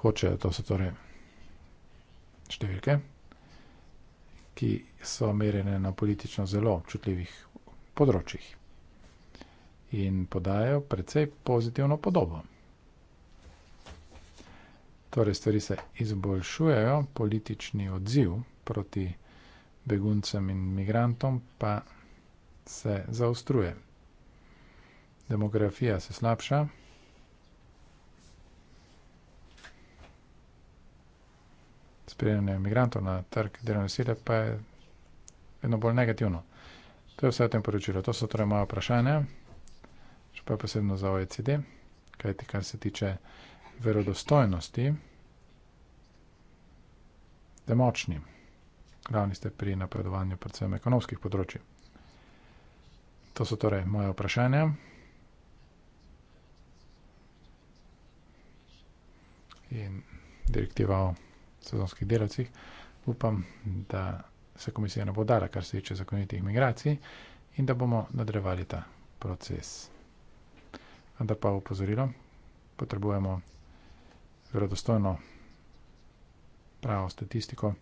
hočejo. To so torej številke, ki so merjene na politično zelo občutljivih področjih in podajo precej pozitivno podobo. Torej, stvari se izboljšujejo, politični odziv proti beguncem in migrantom pa se zaostruje. Demografija se slabša. spremljanje imigrantov na trg delovne sile pa je vedno bolj negativno. To je vse v tem poročilu. To so torej moja vprašanja, še pa posebno za OECD, kajti kar se tiče verodostojnosti, da močni. Glavni ste pri napredovanju predvsem ekonomskih področji. To so torej moje vprašanja. In direktiva o sezonskih delavcih. Upam, da se komisija ne bo dala, kar se tiče zakonitih migracij in da bomo nadrevali ta proces. Vendar pa upozorilo, potrebujemo verodostojno pravo statistiko.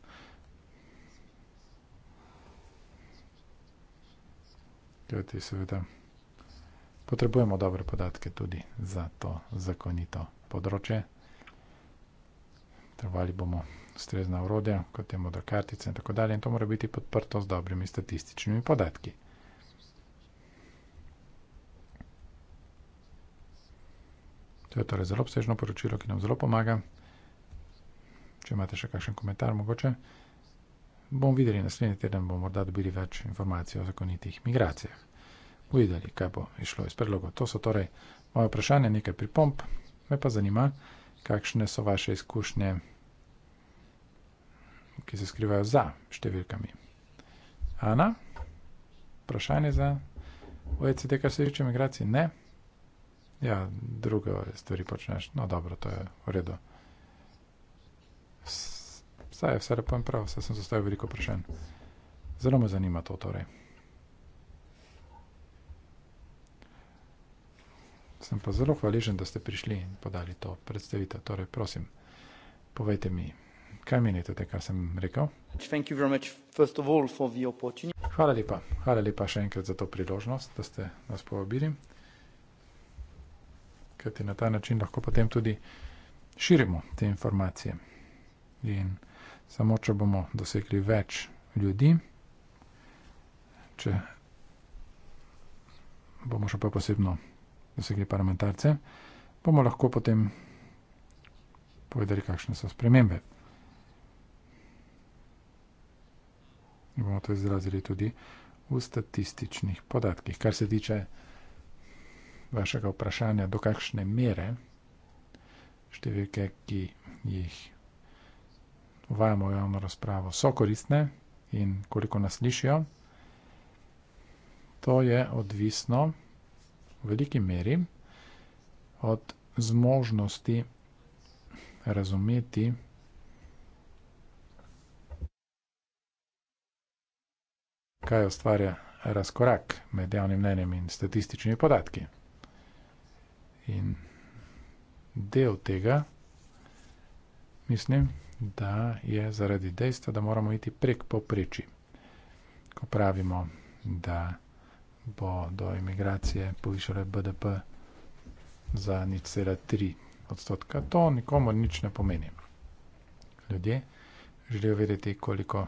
Kajti seveda potrebujemo dobre podatke tudi za to zakonito področje potrebovali bomo strezna urodja, kot je modra kartica in tako dalje. In to mora biti podprto z dobrimi statističnimi podatki. To je torej zelo obsežno poročilo, ki nam zelo pomaga. Če imate še kakšen komentar, mogoče bomo videli naslednji teden, bomo morda dobili več informacij o zakonitih migracijah. Uvideli, kaj bo išlo iz predlogov. To so torej moje vprašanje, nekaj pripomp. Me pa zanima, kakšne so vaše izkušnje ki se skrivajo za številkami. Ana, vprašanje za OECD, kar se tiče migracij? Ne. Ja, druge stvari počneš. No, dobro, to je v redu. Vse je, vse je pa prav, vse sem zastavil veliko vprašanj. Zelo me zanima to, torej. Sem pa zelo hvaležen, da ste prišli in podali to predstavitev. Torej, prosim, povejte mi. Kaj menite, kar sem rekel? Hvala lepa. Hvala lepa še enkrat za to priložnost, da ste nas povabili. Ker ti na ta način lahko potem tudi širimo te informacije. In samo, če bomo dosegli več ljudi, če bomo še pa posebno dosegli parlamentarce, bomo lahko potem povedali, kakšne so spremembe. in bomo to izrazili tudi v statističnih podatkih. Kar se tiče vašega vprašanja, do kakšne mere številke, ki jih uvajamo v javno razpravo, so koristne in koliko nas slišijo, to je odvisno v veliki meri od zmožnosti razumeti, kaj ustvarja razkorak med javnim mnenjem in statističnimi podatki. In del tega, mislim, da je zaradi dejstva, da moramo iti prek poprečji. Ko pravimo, da bo do imigracije povišala BDP za nič cela tri odstotka, to nikomu nič ne pomeni. Ljudje želijo vedeti, koliko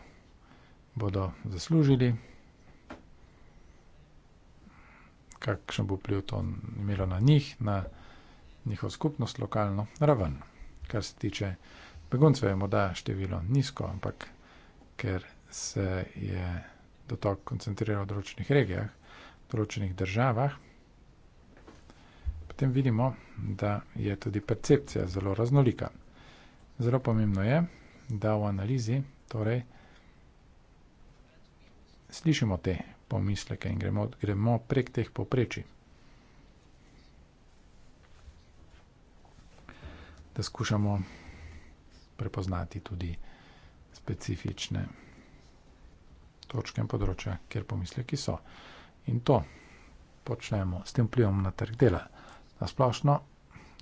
bodo zaslužili, kakšen bo pliv to imelo na njih, na njihovo skupnost, lokalno raven. Kar se tiče beguncev, je morda število nizko, ampak ker se je dotok koncentriral v določenih regijah, v določenih državah, potem vidimo, da je tudi percepcija zelo raznolika. Zelo pomembno je, da v analizi torej, slišimo te pomisleke in gremo, gremo prek teh poprečij. Da skušamo prepoznati tudi specifične točke in področja, kjer pomisleki so. In to počnemo s tem vplivom na trg dela. Na splošno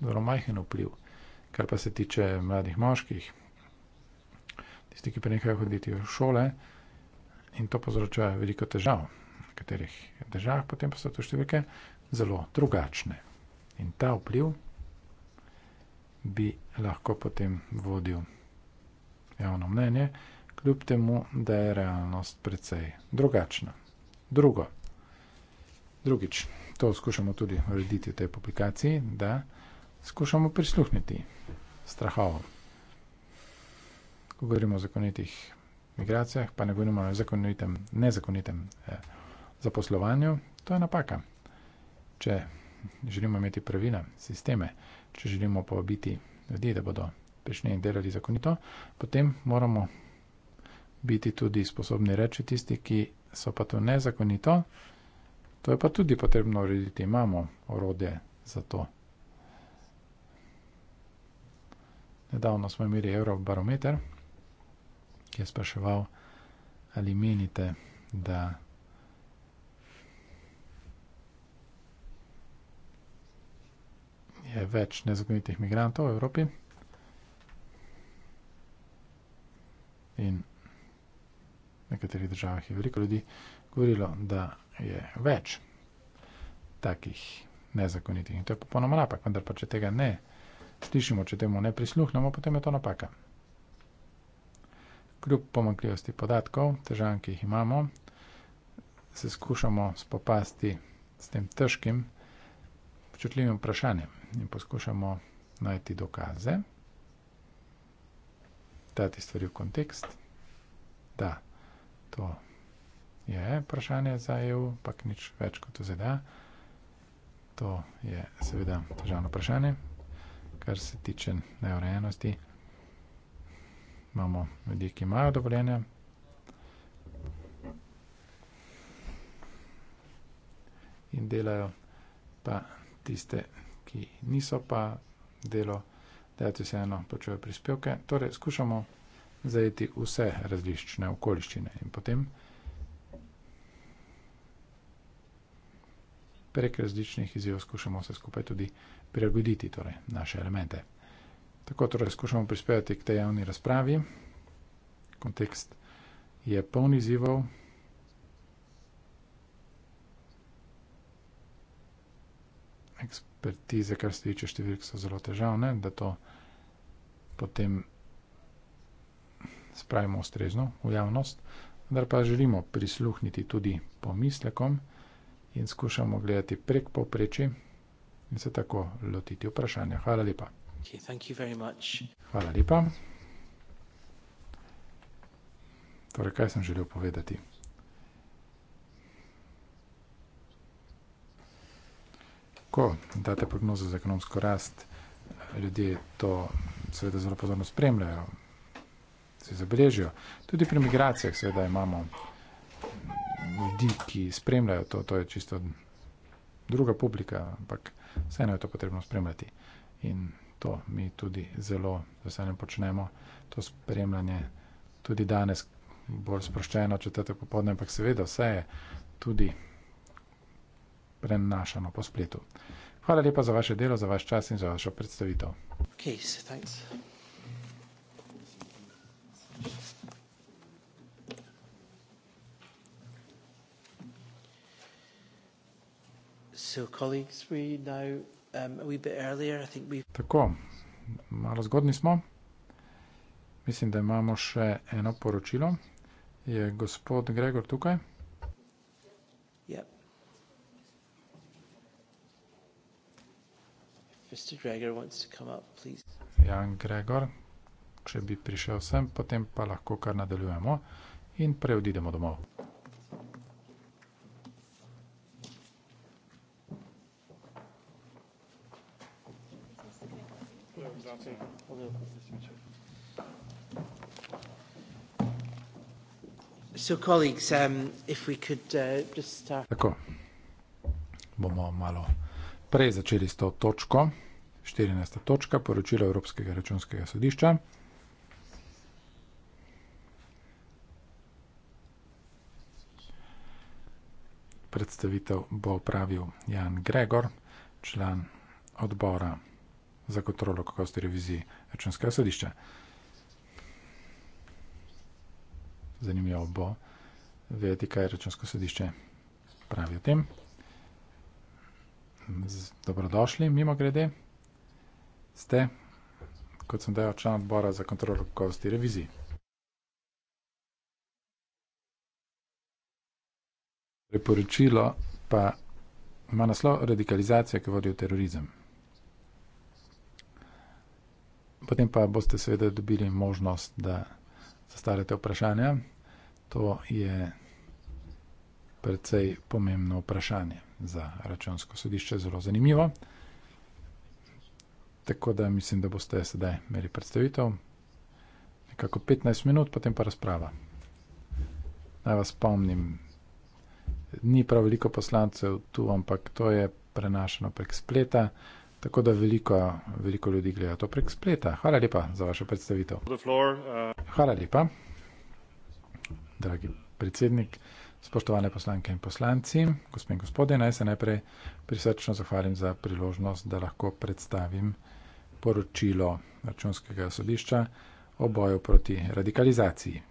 zelo majhen vpliv, kar pa se tiče mladih moških, tisti, ki prenehajo hoditi v šole, in to povzroča veliko težav. V nekaterih državah potem pa so te številke zelo drugačne. In ta vpliv bi lahko potem vodil javno mnenje, kljub temu, da je realnost precej drugačna. Drugo, drugič, to skušamo tudi urediti v tej publikaciji, da skušamo prisluhniti strahovom. Ko govorimo o zakonitih migracijah, pa ne govorimo o zakonitem, nezakonitem eh, zaposlovanju, to je napaka. Če želimo imeti pravila, sisteme, če želimo povabiti ljudi, da bodo prišli in delali zakonito, potem moramo biti tudi sposobni reči tisti, ki so pa to nezakonito, to je pa tudi potrebno urediti, imamo orode za to. Nedavno smo imeli Eurobarometer, ki je spraševal, ali menite, da je več nezakonitih migrantov v Evropi. In v nekaterih državah je veliko ljudi govorilo, da je več takih nezakonitih. In to je popolnoma napak, vendar pa če tega ne slišimo, če temu ne prisluhnemo, potem je to napaka kljub pomankljivosti podatkov, težavam, ki jih imamo, se skušamo spopasti s tem težkim, občutljivim vprašanjem in poskušamo najti dokaze, dati stvari v kontekst, da to je vprašanje za EU, pa nič več kot v ZDA. To je seveda težavno vprašanje, kar se tiče neurejenosti imamo ljudi, ki imajo dovoljenje. In delajo pa tiste, ki niso pa delo, da ti vseeno počujo prispevke. Torej, skušamo zajeti vse različne okoliščine in potem prek različnih izjev skušamo se skupaj tudi prilagoditi torej, naše elemente. Tako torej skušamo prispevati k tej javni razpravi. Kontekst je poln izzivov. Ekspertize, kar se tiče številk, so zelo težavne, da to potem spravimo ustrezno v javnost, vendar pa želimo prisluhniti tudi pomislekom in skušamo gledati prek povprečji in se tako lotiti vprašanja. Hvala lepa. Okay, thank you very much. Hvala lepa. Torej, kaj sem želel povedati? Ko date prognozo za ekonomsko rast, ljudje to seveda zelo pozorno spremljajo, se zabeležijo. Tudi pri migracijah seveda imamo ljudi, ki spremljajo to, to je čisto druga publika, ampak vseeno je to potrebno spremljati. In to mi tudi zelo veseljem počnemo, to spremljanje tudi danes bolj sproščeno, četrte popodne, ampak seveda vse je tudi prenašano po spletu. Hvala lepa za vaše delo, za vaš čas in za vašo predstavitev. Case, So, colleagues, we now Um, Tako, malo zgodni smo. Mislim, da imamo še eno poročilo. Je gospod Gregor tukaj? Yep. Gregor up, Jan Gregor, če bi prišel sem, potem pa lahko kar nadaljujemo in preudidemo domov. So, colleagues, um, if we could uh, just start. Tako. Bomo malo prej začeli s to točko, 14. točka, poročilo Evropskega računskega sodišča. Predstavitev bo opravil Jan Gregor, član odbora za kontrolo kakovosti revizij računskega sodišča. Zanimivo bo vedeti, kaj računsko sodišče pravi o tem. Dobrodošli, mimo grede. Ste, kot sem dejal, član odbora za kontrolo kakovosti revizij. Preporočilo pa ima naslov radikalizacija, ki vodi v terorizem. Potem pa boste seveda dobili možnost, da zastavljate vprašanja. To je predvsej pomembno vprašanje za računsko sodišče, zelo zanimivo. Tako da mislim, da boste sedaj imeli predstavitev. Nekako 15 minut, potem pa razprava. Naj vas spomnim, ni prav veliko poslancev tu, ampak to je prenašano prek spleta. Tako da veliko, veliko ljudi gleda to prek spleta. Hvala lepa za vašo predstavitev. Uh, Hvala lepa, dragi predsednik, spoštovane poslanke in poslanci, gospe in gospode, naj se najprej prisrčno zahvalim za priložnost, da lahko predstavim poročilo računskega sodišča o boju proti radikalizaciji.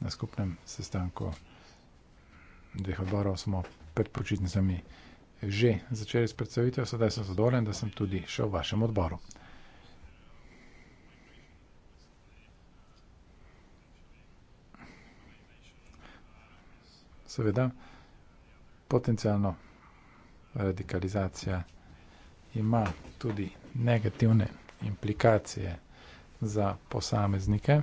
Na skupnem sestanku dveh odborov smo pred počitnicami že začeli s predstavitvijo, sedaj sem zadovoljen, da sem tudi še v vašem odboru. Seveda, potencijalno radikalizacija ima tudi negativne implikacije za posameznike,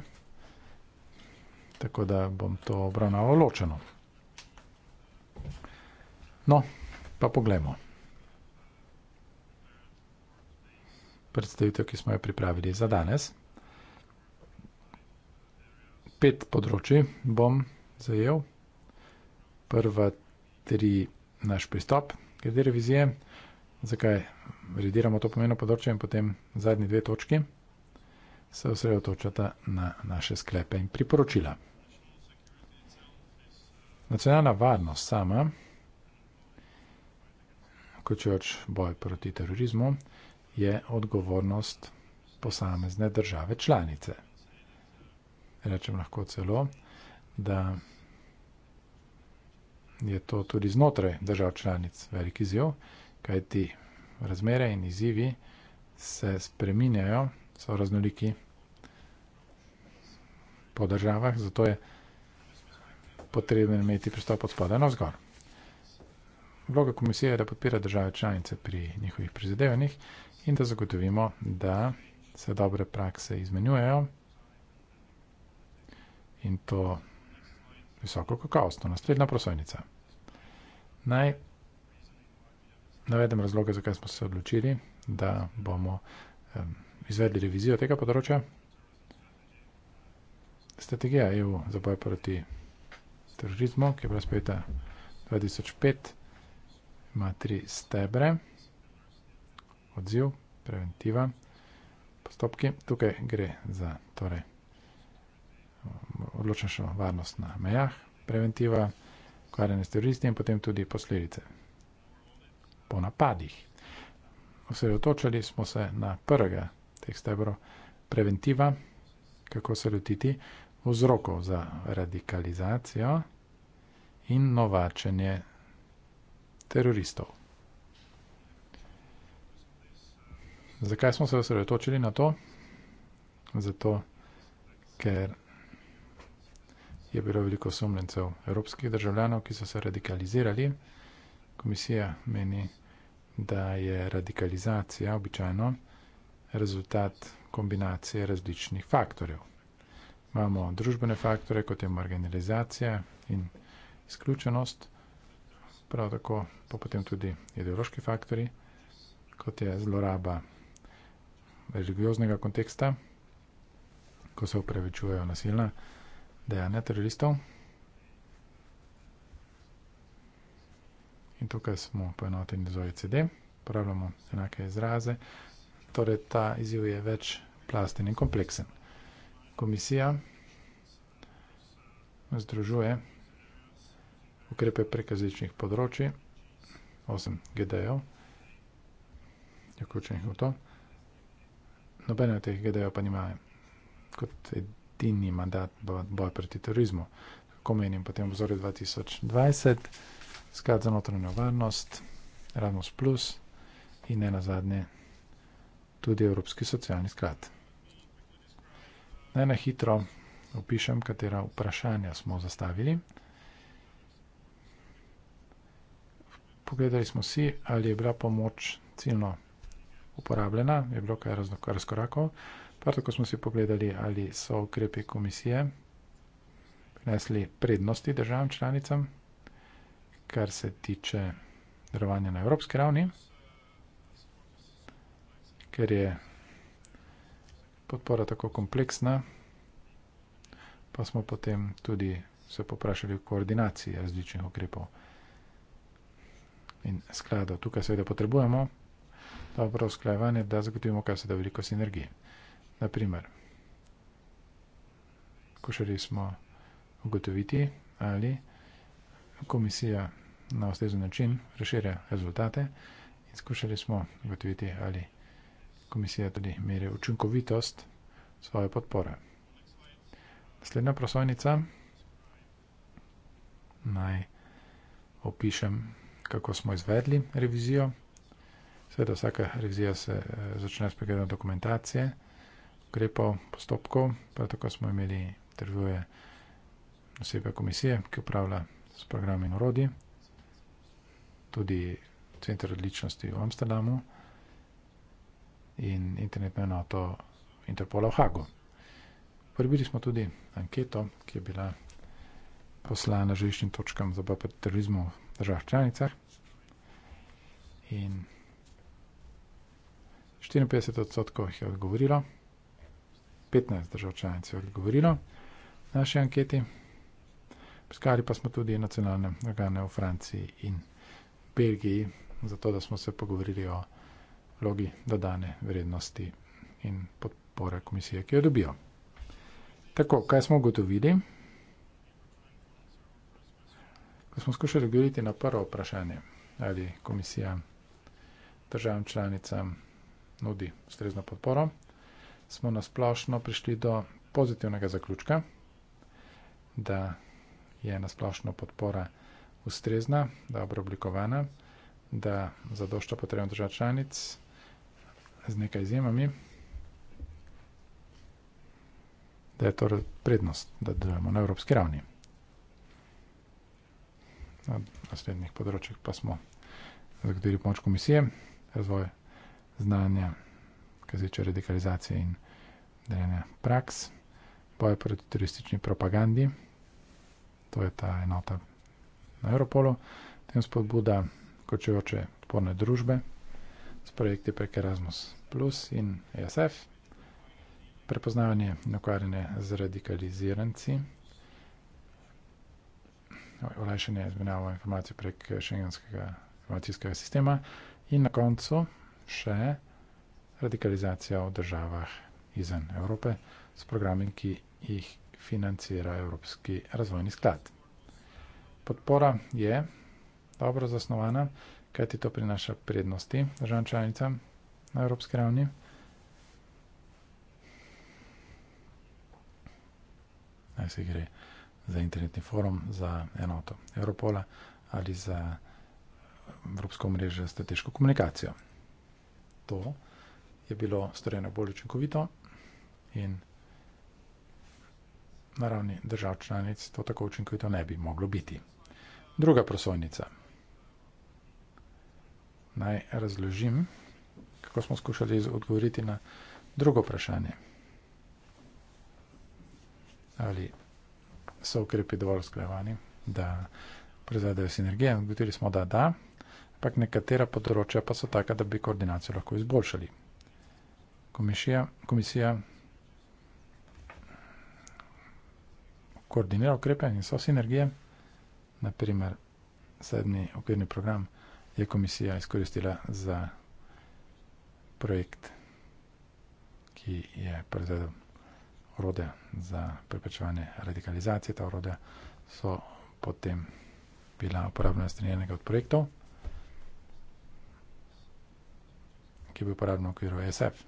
tako da bom to obravnaval ločeno. No, pa poglejmo. Predstavitev, ki smo jo pripravili za danes. Pet področji bom zajel. Prva tri naš pristop, glede revizije, zakaj revidiramo to pomeno področje in potem zadnji dve točki se osredotočata na naše sklepe in priporočila. Nacionalna varnost sama vključujoč boj proti terorizmu, je odgovornost posamezne države članice. Rečem lahko celo, da je to tudi znotraj držav članic velik izjiv, kaj ti razmere in izzivi se spreminjajo, so raznoliki po državah, zato je potrebno imeti pristop od spoda na vzgor vloga komisije je, da podpira države članice pri njihovih prizadevanjih in da zagotovimo, da se dobre prakse izmenjujejo in to visoko kakavstvo. Naslednja prosojnica. Naj navedem razloge, zakaj smo se odločili, da bomo izvedli revizijo tega področja. Strategija EU za boj proti terorizmu, ki je bila sprejeta 2005, ima tri stebre, odziv, preventiva, postopki. Tukaj gre za torej, odločnošno varnost na mejah, preventiva, ukvarjanje s teroristi in potem tudi posledice po napadih. Osredotočali smo se na prvega teh stebrov, preventiva, kako se lotiti vzrokov za radikalizacijo in novačenje teroristov. Zakaj smo se osredotočili na to? Zato, ker je bilo veliko sumljencev evropskih državljanov, ki so se radikalizirali. Komisija meni, da je radikalizacija običajno rezultat kombinacije različnih faktorjev. Imamo družbene faktore, kot je marginalizacija in izključenost prav tako pa potem tudi ideološki faktori, kot je zloraba religioznega konteksta, ko se upravičujejo nasilna dejanja teroristov. In tukaj smo poenoteni z OECD, uporabljamo enake izraze, torej ta izjiv je več plasten in kompleksen. Komisija združuje ukrepe prekazičnih področji, 8 GDO, je vključenih v to. Nobene od teh GDO pa nima kot edini mandat boja proti terorizmu. Ko menim potem obzorje 2020, sklad za notranjo varnost, Ramos Plus in ne nazadnje tudi Evropski socialni sklad. Naj na hitro opišem, katera vprašanja smo zastavili. pogledali smo si, ali je bila pomoč ciljno uporabljena, je bilo kaj razkorakov. Prav tako smo si pogledali, ali so ukrepi komisije prinesli prednosti državam članicam, kar se tiče darovanja na evropski ravni, ker je podpora tako kompleksna, pa smo potem tudi se poprašali o koordinaciji različnih ukrepov in skladov. Tukaj seveda potrebujemo dobro usklajevanje, da zagotovimo kar se da veliko sinergije. Naprimer, košali smo ugotoviti, ali komisija na ustrezen način razširja rezultate in skušali smo ugotoviti, ali komisija tudi meri učinkovitost svoje podpore. Naslednja prosojnica naj opišem kako smo izvedli revizijo. Seveda vsaka revizija se eh, začne s pregledom dokumentacije, ukrepov, postopkov, prav tako smo imeli intervjuje osebe komisije, ki upravlja s programi in urodji, tudi Center odličnosti v Amsterdamu in internetno enoto Interpola v Hagu. Pribili smo tudi anketo, ki je bila poslana žiriščnim točkam za bapet terorizmu državah članicah in 54 odstotkov jih je odgovorilo, 15 držav članic je odgovorilo na naši anketi. Piskali pa smo tudi nacionalne organe v Franciji in Belgiji, zato da smo se pogovorili o vlogi dodane vrednosti in podpore komisije, ki jo dobijo. Tako, kaj smo ugotovili? Ko smo skušali odgovoriti na prvo vprašanje, ali komisija državam članicam nudi ustrezno podporo, smo nasplošno prišli do pozitivnega zaključka, da je nasplošno podpora ustrezna, da je oblikovana, da zadošča potrebam držav članic z nekaj izjemami, da je to torej prednost, da delujemo na evropski ravni na naslednjih področjih pa smo zagotovili pomoč komisije, razvoj znanja, kazeče radikalizacije in delenja praks, boje proti turistični propagandi, to je ta enota na Europolu, tem spodbuda kočejoče odporne družbe s projekti prek Erasmus Plus in ESF, prepoznavanje in okvarjanje z radikaliziranci, olajšanje izmenjavo informacij prek šengenskega informacijskega sistema in na koncu še radikalizacija v državah izven Evrope s programi, ki jih financira Evropski razvojni sklad. Podpora je dobro zasnovana, kaj ti to prinaša prednosti državam članicam na evropski ravni. Naj se gre za internetni forum, za enoto Europola ali za Evropsko mrežo za strateško komunikacijo. To je bilo storjeno bolj učinkovito in na ravni držav članic to tako učinkovito ne bi moglo biti. Druga prosojnica. Naj razložim, kako smo skušali odgovoriti na drugo vprašanje. Ali so ukrepi dovolj usklajevani, da proizvedejo sinergije. Ugotovili smo, da da, ampak nekatera področja pa so taka, da bi koordinacijo lahko izboljšali. Komisija, komisija koordinira ukrepe in so sinergije. Naprimer, sedmi okvirni program je komisija izkoristila za projekt, ki je proizvedel orode za preprečevanje radikalizacije. Ta orode so potem bila uporabljena strenjenega od projektov, ki je bil uporabljen v okviru ESF.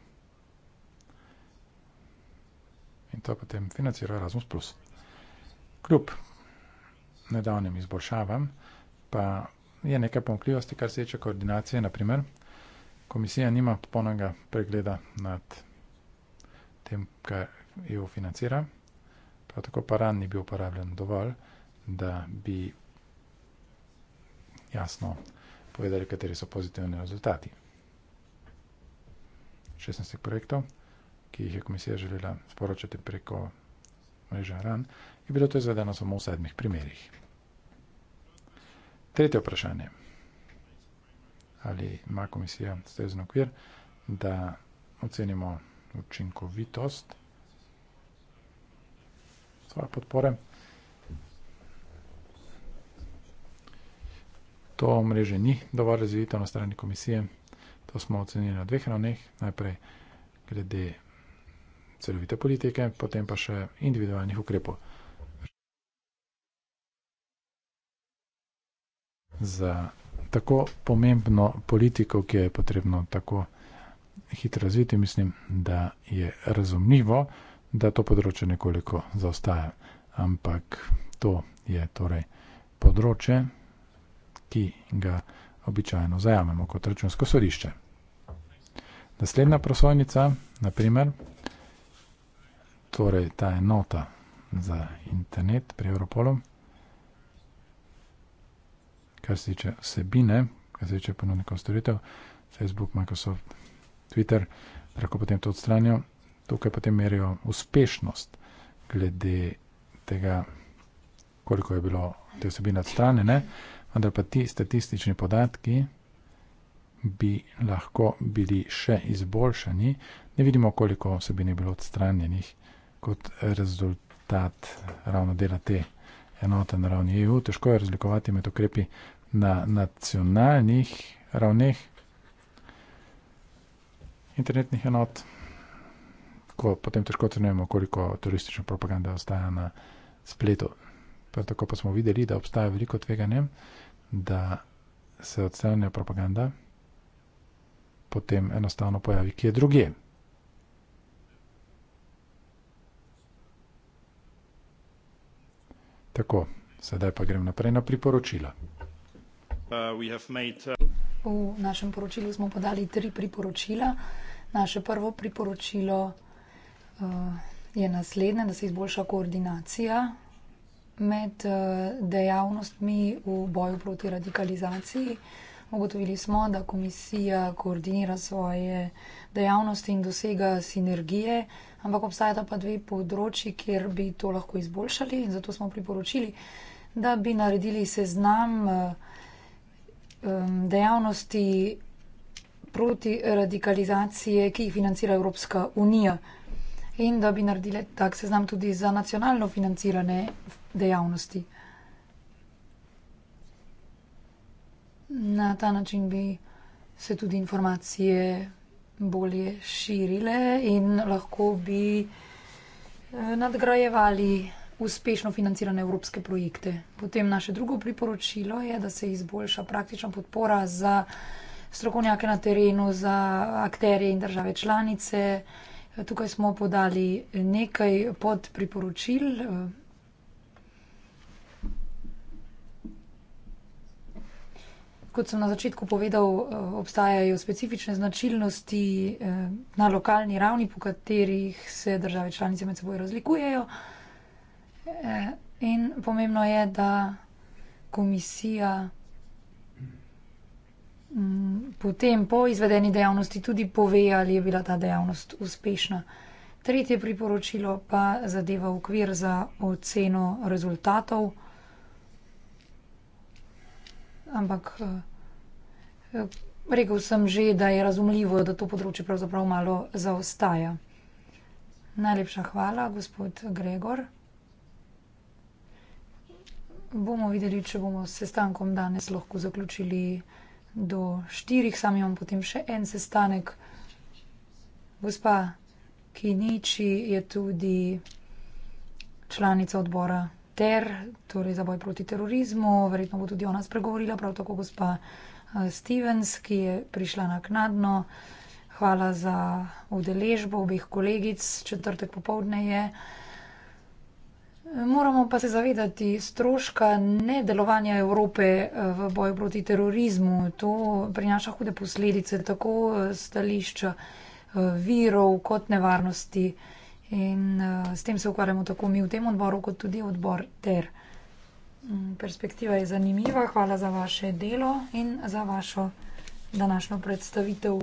In to potem financira Erasmus+. Kljub nedavnim izboljšavam, pa je nekaj pomokljivosti, kar se tiče koordinacije, naprimer, komisija nima popolnega pregleda nad tem, EU financira, prav tako pa ran ni bil uporabljen dovolj, da bi jasno povedali, kateri so pozitivni rezultati. 16 projektov, ki jih je komisija želela sporočati preko mreža RAN, je bilo to izvedeno samo v sedmih primerjih. Tretje vprašanje. Ali ima komisija stezen okvir, da ocenimo učinkovitost svoje podpore. To mreže ni dovolj razvito na strani komisije. To smo ocenili na dveh ravneh. Najprej glede celovite politike, potem pa še individualnih ukrepov. Za tako pomembno politiko, ki je potrebno tako hitro razviti, mislim, da je razumljivo, da to področje nekoliko zaostaja. Ampak to je torej področje, ki ga običajno zajamemo kot računsko sodišče. Naslednja prosojnica, naprimer, torej ta enota za internet pri Europolu, kar se tiče vsebine, kar se tiče ponudnikov storitev, Facebook, Microsoft, Twitter, lahko potem to odstranijo, tukaj potem merijo uspešnost glede tega, koliko je bilo te osebine odstranjene, vendar pa ti statistični podatki bi lahko bili še izboljšani. Ne vidimo, koliko osebin je bilo odstranjenih kot rezultat ravno dela te enote na ravni EU. Težko je razlikovati med ukrepi na nacionalnih ravneh internetnih enot ko potem težko ocenjujemo, koliko turistične propagande ostaja na spletu. Prav tako pa smo videli, da obstaja veliko tveganje, da se odstranja propaganda, potem enostavno pojavi kje drugje. Tako, sedaj pa grem naprej na priporočila. Uh, made, uh... V našem poročilu smo podali tri priporočila. Naše prvo priporočilo je, Eh, je naslednja, da se izboljša koordinacija med eh, dejavnostmi v boju proti radikalizaciji. Ugotovili smo, da komisija koordinira svoje dejavnosti in dosega sinergije, ampak obstajata pa dve področji, kjer bi to lahko izboljšali in zato smo priporočili, da bi naredili seznam eh, dejavnosti proti radikalizaciji, ki jih financira Evropska unija in da bi naredile tak seznam tudi za nacionalno financirane dejavnosti. Na ta način bi se tudi informacije bolje širile in lahko bi eh, nadgrajevali uspešno financirane evropske projekte. Potem naše drugo priporočilo je, da se izboljša praktična podpora za strokovnjake na terenu, za akterje in države članice. Tukaj smo podali nekaj podpriporočil. Kot sem na začetku povedal, obstajajo specifične značilnosti eh, na lokalni ravni, po katerih se države članice med seboj razlikujejo. Eh, in pomembno je, da komisija potem po izvedeni dejavnosti tudi pove, ali je bila ta dejavnost uspešna. Tretje priporočilo pa zadeva okvir za oceno rezultatov. Ampak eh, rekel sem že, da je razumljivo, da to področje pravzaprav malo zaostaja. Najlepša hvala, gospod Gregor. Bomo videli, če bomo s sestankom danes lahko zaključili do štirih, sam imam potem še en sestanek. Gospa Kiniči je tudi članica odbora TER, torej za boj proti terorizmu. Verjetno bo tudi ona spregovorila, prav tako gospa eh, Stevens, ki je prišla naknadno. Hvala za udeležbo obeh kolegic. Četrtek popovdne je. Uh, Moramo pa se zavedati stroška nedelovanja Evrope eh, v boju proti terorizmu. To prinaša hude posledice, tako eh, stališča eh, virov kot nevarnosti. In s tem se ukvarjamo tako mi v tem odboru, kot tudi odbor TER. Mm, perspektiva je zanimiva. Hvala za vaše delo in za vašo današnjo predstavitev.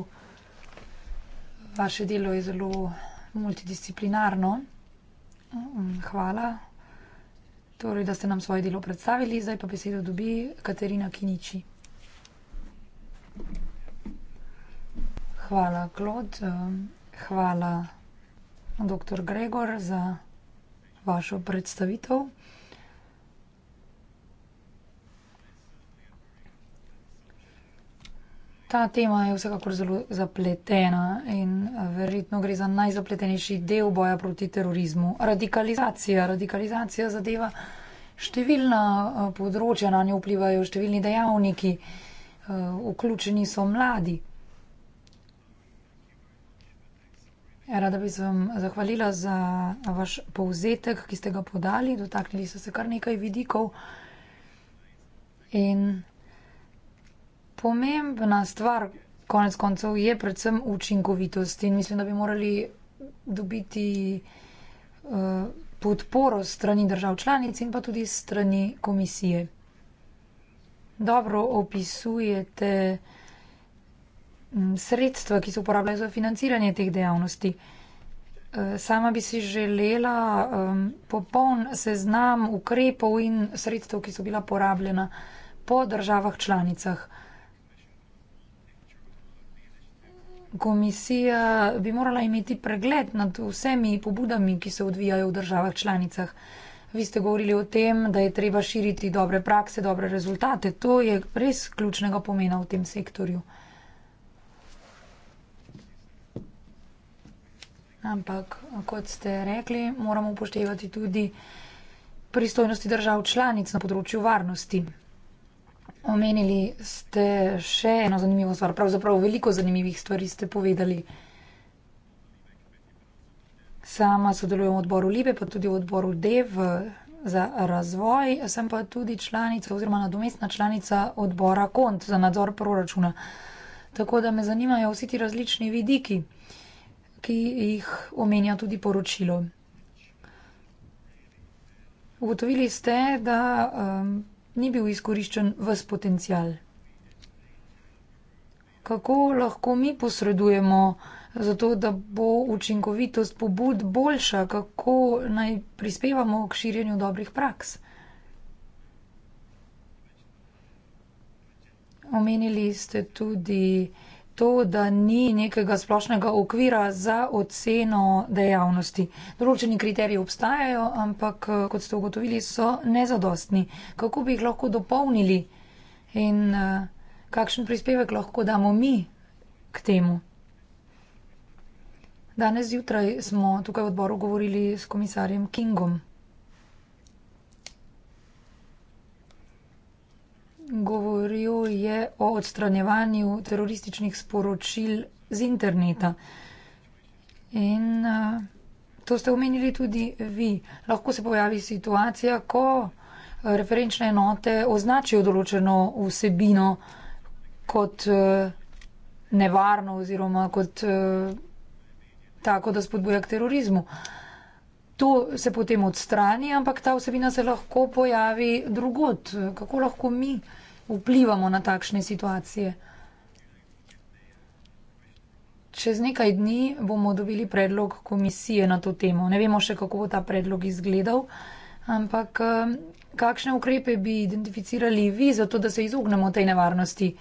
Vaše delo je zelo multidisciplinarno. Mm, hvala. Torej, da ste nam svoje delo predstavili, zdaj pa besedo dobi Katerina Kiniči. Hvala, Klod. Hvala, dr. Gregor, za vašo predstavitev. Ta tema je vsekakor zelo zapletena in eh, verjetno gre za najzapletenejši del boja proti terorizmu. Radikalizacija. Radikalizacija zadeva številna eh, področja, na njo vplivajo številni dejavniki, eh, vključeni so mladi. Rada bi se vam zahvalila za vaš povzetek, ki ste ga podali. Dotaknili ste se kar nekaj vidikov. In pomembna stvar, konec koncev, je predvsem učinkovitost in mislim, da bi morali dobiti uh, podporo strani držav članic in pa tudi strani komisije. Dobro opisujete mm, sredstva, ki se uporabljajo za financiranje teh dejavnosti. Eh, sama bi si želela um, popoln seznam ukrepov in sredstev, ki so bila porabljena po državah članicah. Komisija bi morala imeti pregled nad vsemi pobudami, ki se odvijajo v državah članicah. Vi ste govorili o tem, da je treba širiti dobre prakse, dobre rezultate. To je res ključnega pomena v tem sektorju. Ampak, kot ste rekli, moramo upoštevati tudi pristojnosti držav članic na področju varnosti. Omenili ste še eno zanimivo stvar, pravzaprav veliko zanimivih stvari ste povedali. Sama sodelujem v odboru Libe, pa tudi v odboru DEV za razvoj, sem pa tudi članica oziroma nadomestna članica odbora KONT za nadzor proračuna. Tako da me zanimajo vsi ti različni vidiki, ki jih omenja tudi poročilo. Ugotovili ste, da. Um, ni bil izkoriščen vse potencial. Kako lahko mi posredujemo, zato da bo učinkovitost pobud boljša, kako naj prispevamo k širjenju dobrih praks? Omenili ste tudi to, da ni nekega splošnega okvira za oceno dejavnosti. Določeni kriteriji obstajajo, ampak kot ste ugotovili, so nezadostni. Kako bi jih lahko dopolnili in kakšen prispevek lahko damo mi k temu? Danes zjutraj smo tukaj v odboru govorili s komisarjem Kingom. govoril je o odstranjevanju terorističnih sporočil z interneta. In uh, to ste omenili tudi vi. Lahko se pojavi situacija, ko referenčne enote označijo določeno vsebino kot uh, nevarno oziroma kot uh, tako, da spodbuja k terorizmu. To se potem odstrani, ampak ta vsebina se lahko pojavi drugot. Kako lahko mi? vplivamo na takšne situacije. Čez nekaj dni bomo dobili predlog komisije na to temo. Ne vemo še, kako bo ta predlog izgledal, ampak kakšne ukrepe bi identificirali vi, zato da se izognemo tej nevarnosti?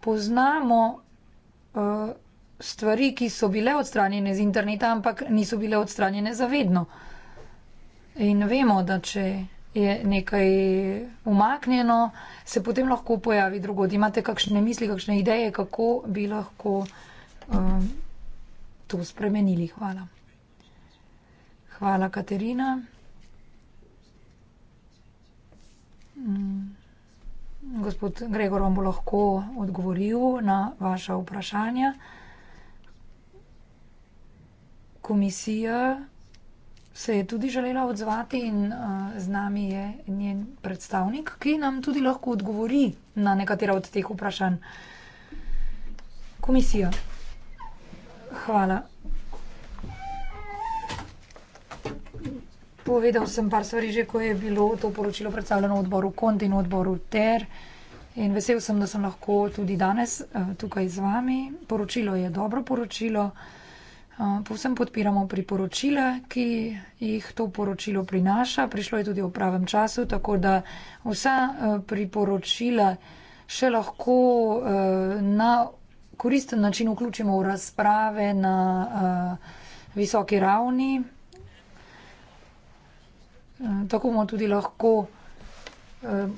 Poznamo uh, stvari, ki so bile odstranjene z interneta, ampak niso bile odstranjene zavedno. In vemo, da če je nekaj umaknjeno, se potem lahko pojavi drugod. Imate kakšne misli, kakšne ideje, kako bi lahko um, to spremenili? Hvala. Hvala, Katerina. Mm. Gospod Gregor vam bo lahko odgovoril na vaša vprašanja. Komisija se je tudi želela odzvati in uh, z nami je njen predstavnik, ki nam tudi lahko odgovori na nekatera od teh vprašanj. Komisija. Hvala. Povedal sem par stvari že, ko je bilo to poročilo predstavljeno v odboru Kont in v odboru Ter. In vesel sem, da sem lahko tudi danes uh, tukaj z vami. Poročilo je dobro poročilo. Eh, povsem podpiramo priporočile, ki jih to poročilo prinaša. Prišlo je tudi v pravem času, tako da vsa eh, priporočila še lahko eh, na koristen način vključimo v razprave na visoki ravni. Tako bomo tudi lahko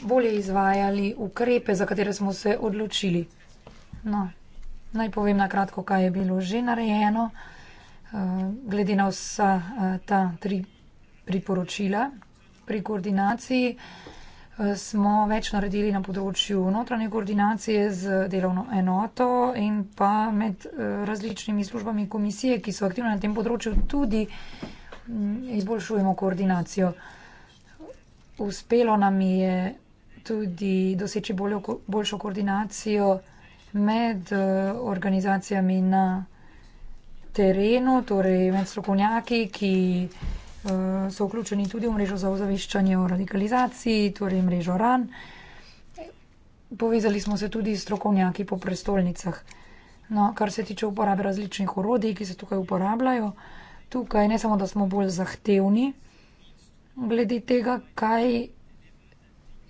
bolje izvajali ukrepe, za katere smo se odločili. No, naj povem na kratko, kaj je bilo že narejeno glede na vsa eh, ta tri priporočila pri koordinaciji, eh, smo več naredili na področju notranje koordinacije z delovno enoto in pa med eh, različnimi službami komisije, ki so aktivne na tem področju, tudi mm, izboljšujemo koordinacijo. Uspelo nam je tudi doseči boljo, boljšo koordinacijo med organizacijami na terenu, torej med strokovnjaki, ki uh, so vključeni tudi v mrežo za ozaveščanje o radikalizaciji, torej mrežo RAN. Povezali smo se tudi s strokovnjaki po prestolnicah. No, kar se tiče uporabe različnih orodij, ki se tukaj uporabljajo, tukaj ne samo, da smo bolj zahtevni glede tega, kaj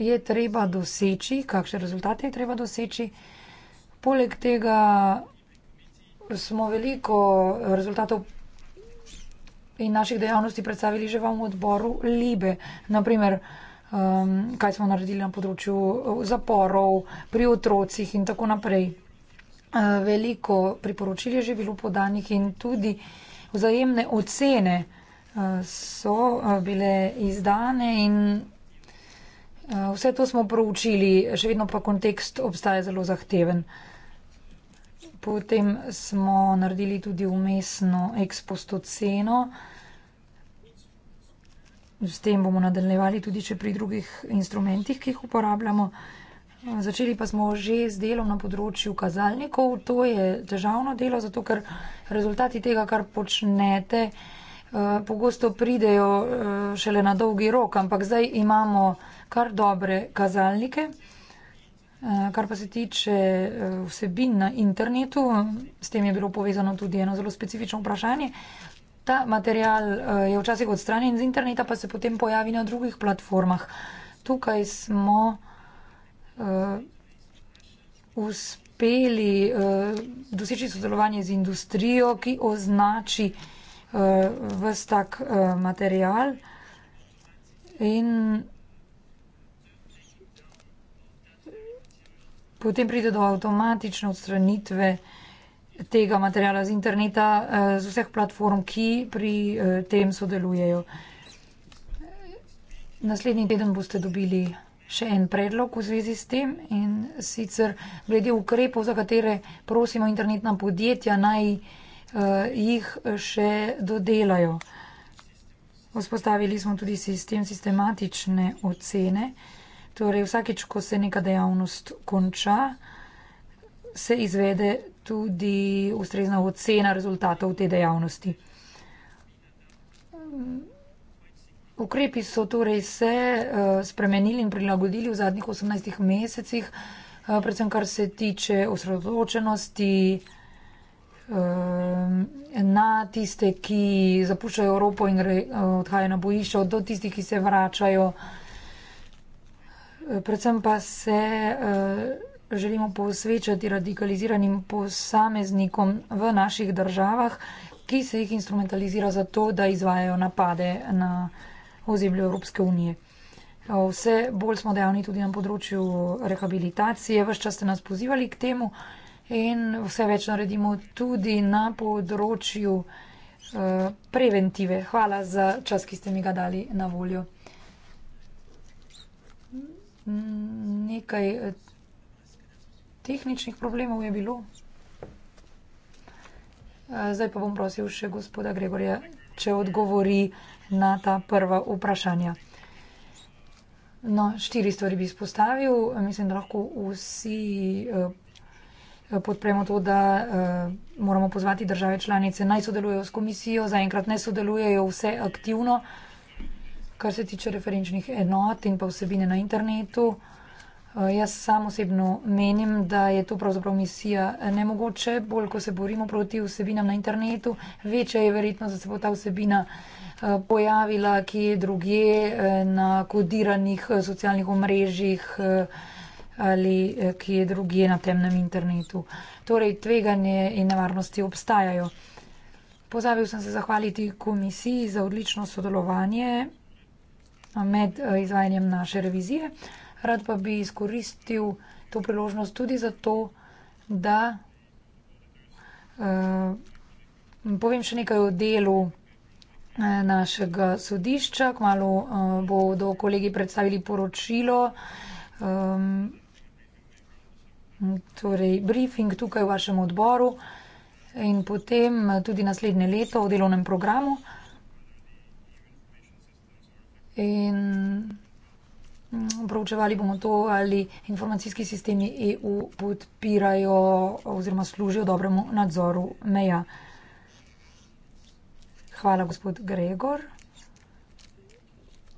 je treba doseči, kakšne rezultate je treba doseči, poleg tega smo veliko eh, rezultatov in naših dejavnosti predstavili že vam v odboru Libe. Naprimer, um, ehm, kaj smo naredili na področju eh, zaporov, pri otrocih in tako naprej. Eh, veliko priporočil je že bilo podanih in tudi vzajemne ocene so bile izdane in vse to smo proučili, še vedno pa kontekst obstaja zelo zahteven. Potem smo naredili tudi umestno ekspostoceno. S tem bomo nadaljevali tudi še pri drugih instrumentih, ki jih uporabljamo. Začeli pa smo že z delom na področju kazalnikov. To je težavno delo, zato ker rezultati tega, kar počnete, eh, pogosto pridejo eh, šele na dolgi rok, ampak zdaj imamo kar dobre kazalnike. Eh, kar pa se tiče eh, vsebin na internetu, s tem je bilo povezano tudi eno zelo specifično vprašanje. Ta material eh, je včasih odstranjen z interneta, pa se potem pojavi na drugih platformah. Tukaj smo uspeli doseči sodelovanje z industrijo, ki označi vse tak material. In potem pride do avtomatične odstranitve tega materiala z interneta, eh, z vseh platform, ki pri eh, tem sodelujejo. Naslednji teden boste dobili še en predlog v zvezi s tem in sicer glede ukrepov, za katere prosimo internetna podjetja naj eh, jih še dodelajo. Vzpostavili smo tudi sistem sistematične ocene. Torej, vsakič, ko se neka dejavnost konča, se izvede tudi ustrezna ocena rezultatov te dejavnosti. Ukrepi so torej se eh, spremenili in prilagodili v zadnjih 18 mesecih, eh, predvsem kar se tiče osredotočenosti eh, na tiste, ki zapuščajo Evropo in odhajajo na bojišče, do tistih, ki se vračajo predvsem pa se eh, želimo posvečati radikaliziranim posameznikom v naših državah, ki se jih instrumentalizira za to, da izvajajo napade na ozemlju Evropske unije. Vse bolj smo dejavni tudi na področju rehabilitacije, vse čas ste nas pozivali k temu in vse več naredimo tudi na področju uh, preventive. Hvala za čas, ki ste mi ga dali na voljo nekaj eh, tehničnih problemov je bilo. Eh, zdaj pa bom prosil še gospoda Gregorja, če odgovori na ta prva vprašanja. No, štiri stvari bi izpostavil. Mislim, da lahko vsi eh, podpremo to, da moramo pozvati države članice naj sodelujejo s komisijo, zaenkrat ne sodelujejo vse aktivno kar se tiče referenčnih enot in pa vsebine na internetu, eh, jaz sam osebno menim, da je to pravzaprav misija eh, nemogoče, bolj ko se borimo proti vsebinam na internetu, večja je verjetnost, da se bo ta vsebina eh, pojavila kje drugje na kodiranih socialnih omrežjih ali kje drugje na temnem internetu. Torej, tveganje in nevarnosti obstajajo. Pozabil sem se zahvaliti komisiji za odlično sodelovanje med eh, izvajanjem naše revizije. Rad pa bi izkoristil to priložnost tudi zato, da eh, povem še nekaj o delu eh, našega sodišča. Kmalo bodo kolegi predstavili poročilo, ehm, torej briefing tukaj v vašem odboru in potem tudi naslednje leto v delovnem programu in mm, proučevali bomo to, ali informacijski sistemi EU podpirajo oziroma služijo dobremu nadzoru meja. Hvala, gospod Gregor.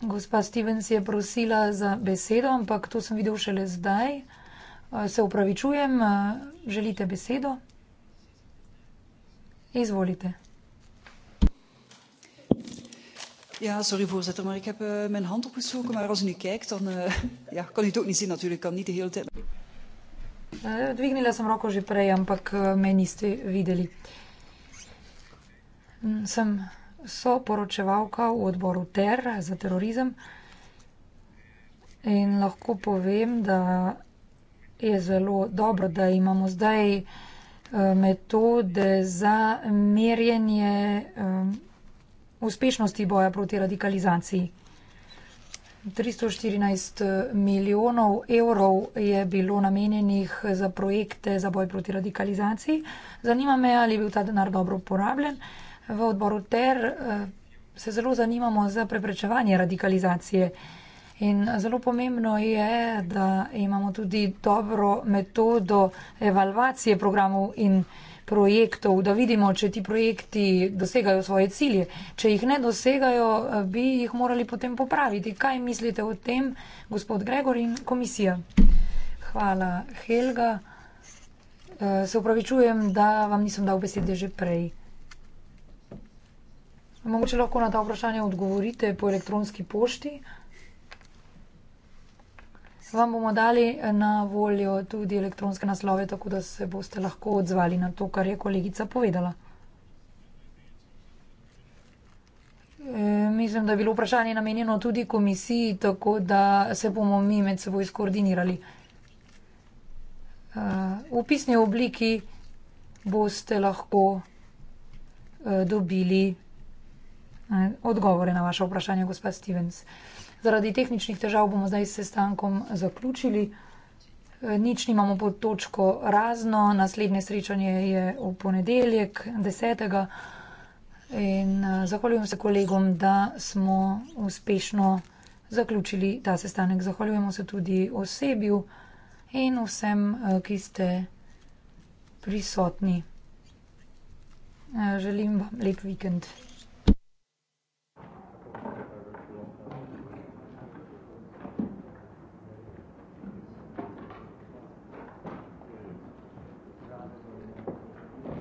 Gospa Stevens je prosila za besedo, ampak to sem videl šele zdaj. Eh, se upravičujem, eh, želite besedo? Izvolite. Ja, sorry voorzitter, maar ik heb uh, mijn hand opgestoken. Maar als u nu kijkt, dan uh, ja, kan u het ook niet zien natuurlijk. Ik kan niet de hele tijd. Eh, dvignila sem roko že prej, ampak me niste videli. Mm, sem soporočevalka v odboru TER za terorizem in lahko povem, da je zelo dobro, da imamo zdaj metode za merjenje uspešnosti boja proti radikalizaciji. 314 milijonov evrov je bilo namenjenih za projekte za boj proti radikalizaciji. Zanima me, ali je bil ta denar dobro uporabljen. V odboru TER eh, se zelo zanimamo za preprečevanje radikalizacije. In zelo pomembno je, da imamo tudi dobro metodo evalvacije programov in programov projektov, da vidimo, če ti projekti dosegajo svoje cilje. Če jih ne dosegajo, eh, bi jih morali potem popraviti. Kaj mislite o tem, gospod Gregor in komisija? Hvala, Helga. Eh, se upravičujem, da vam nisem dal besede že prej. Mogoče lahko na ta vprašanja odgovorite po elektronski pošti vam bomo dali eh, na voljo tudi elektronske naslove, tako da se boste lahko odzvali na to, kar je kolegica povedala. Eh, mislim, da je bilo vprašanje namenjeno tudi komisiji, tako da se bomo mi med seboj skoordinirali. Eh, v pisni obliki boste lahko dobili odgovore na vaše vprašanje, gospod Stevens. Zaradi tehničnih težav bomo zdaj s sestankom zaključili. E, nič nimamo pod točko razno, naslednje srečanje je v ponedeljek, 10. In e, zahvaljujem se kolegom, da smo uspešno zaključili ta sestanek. Zahvaljujemo se tudi osebju in vsem, e, ki ste prisotni. Želim vam lep vikend.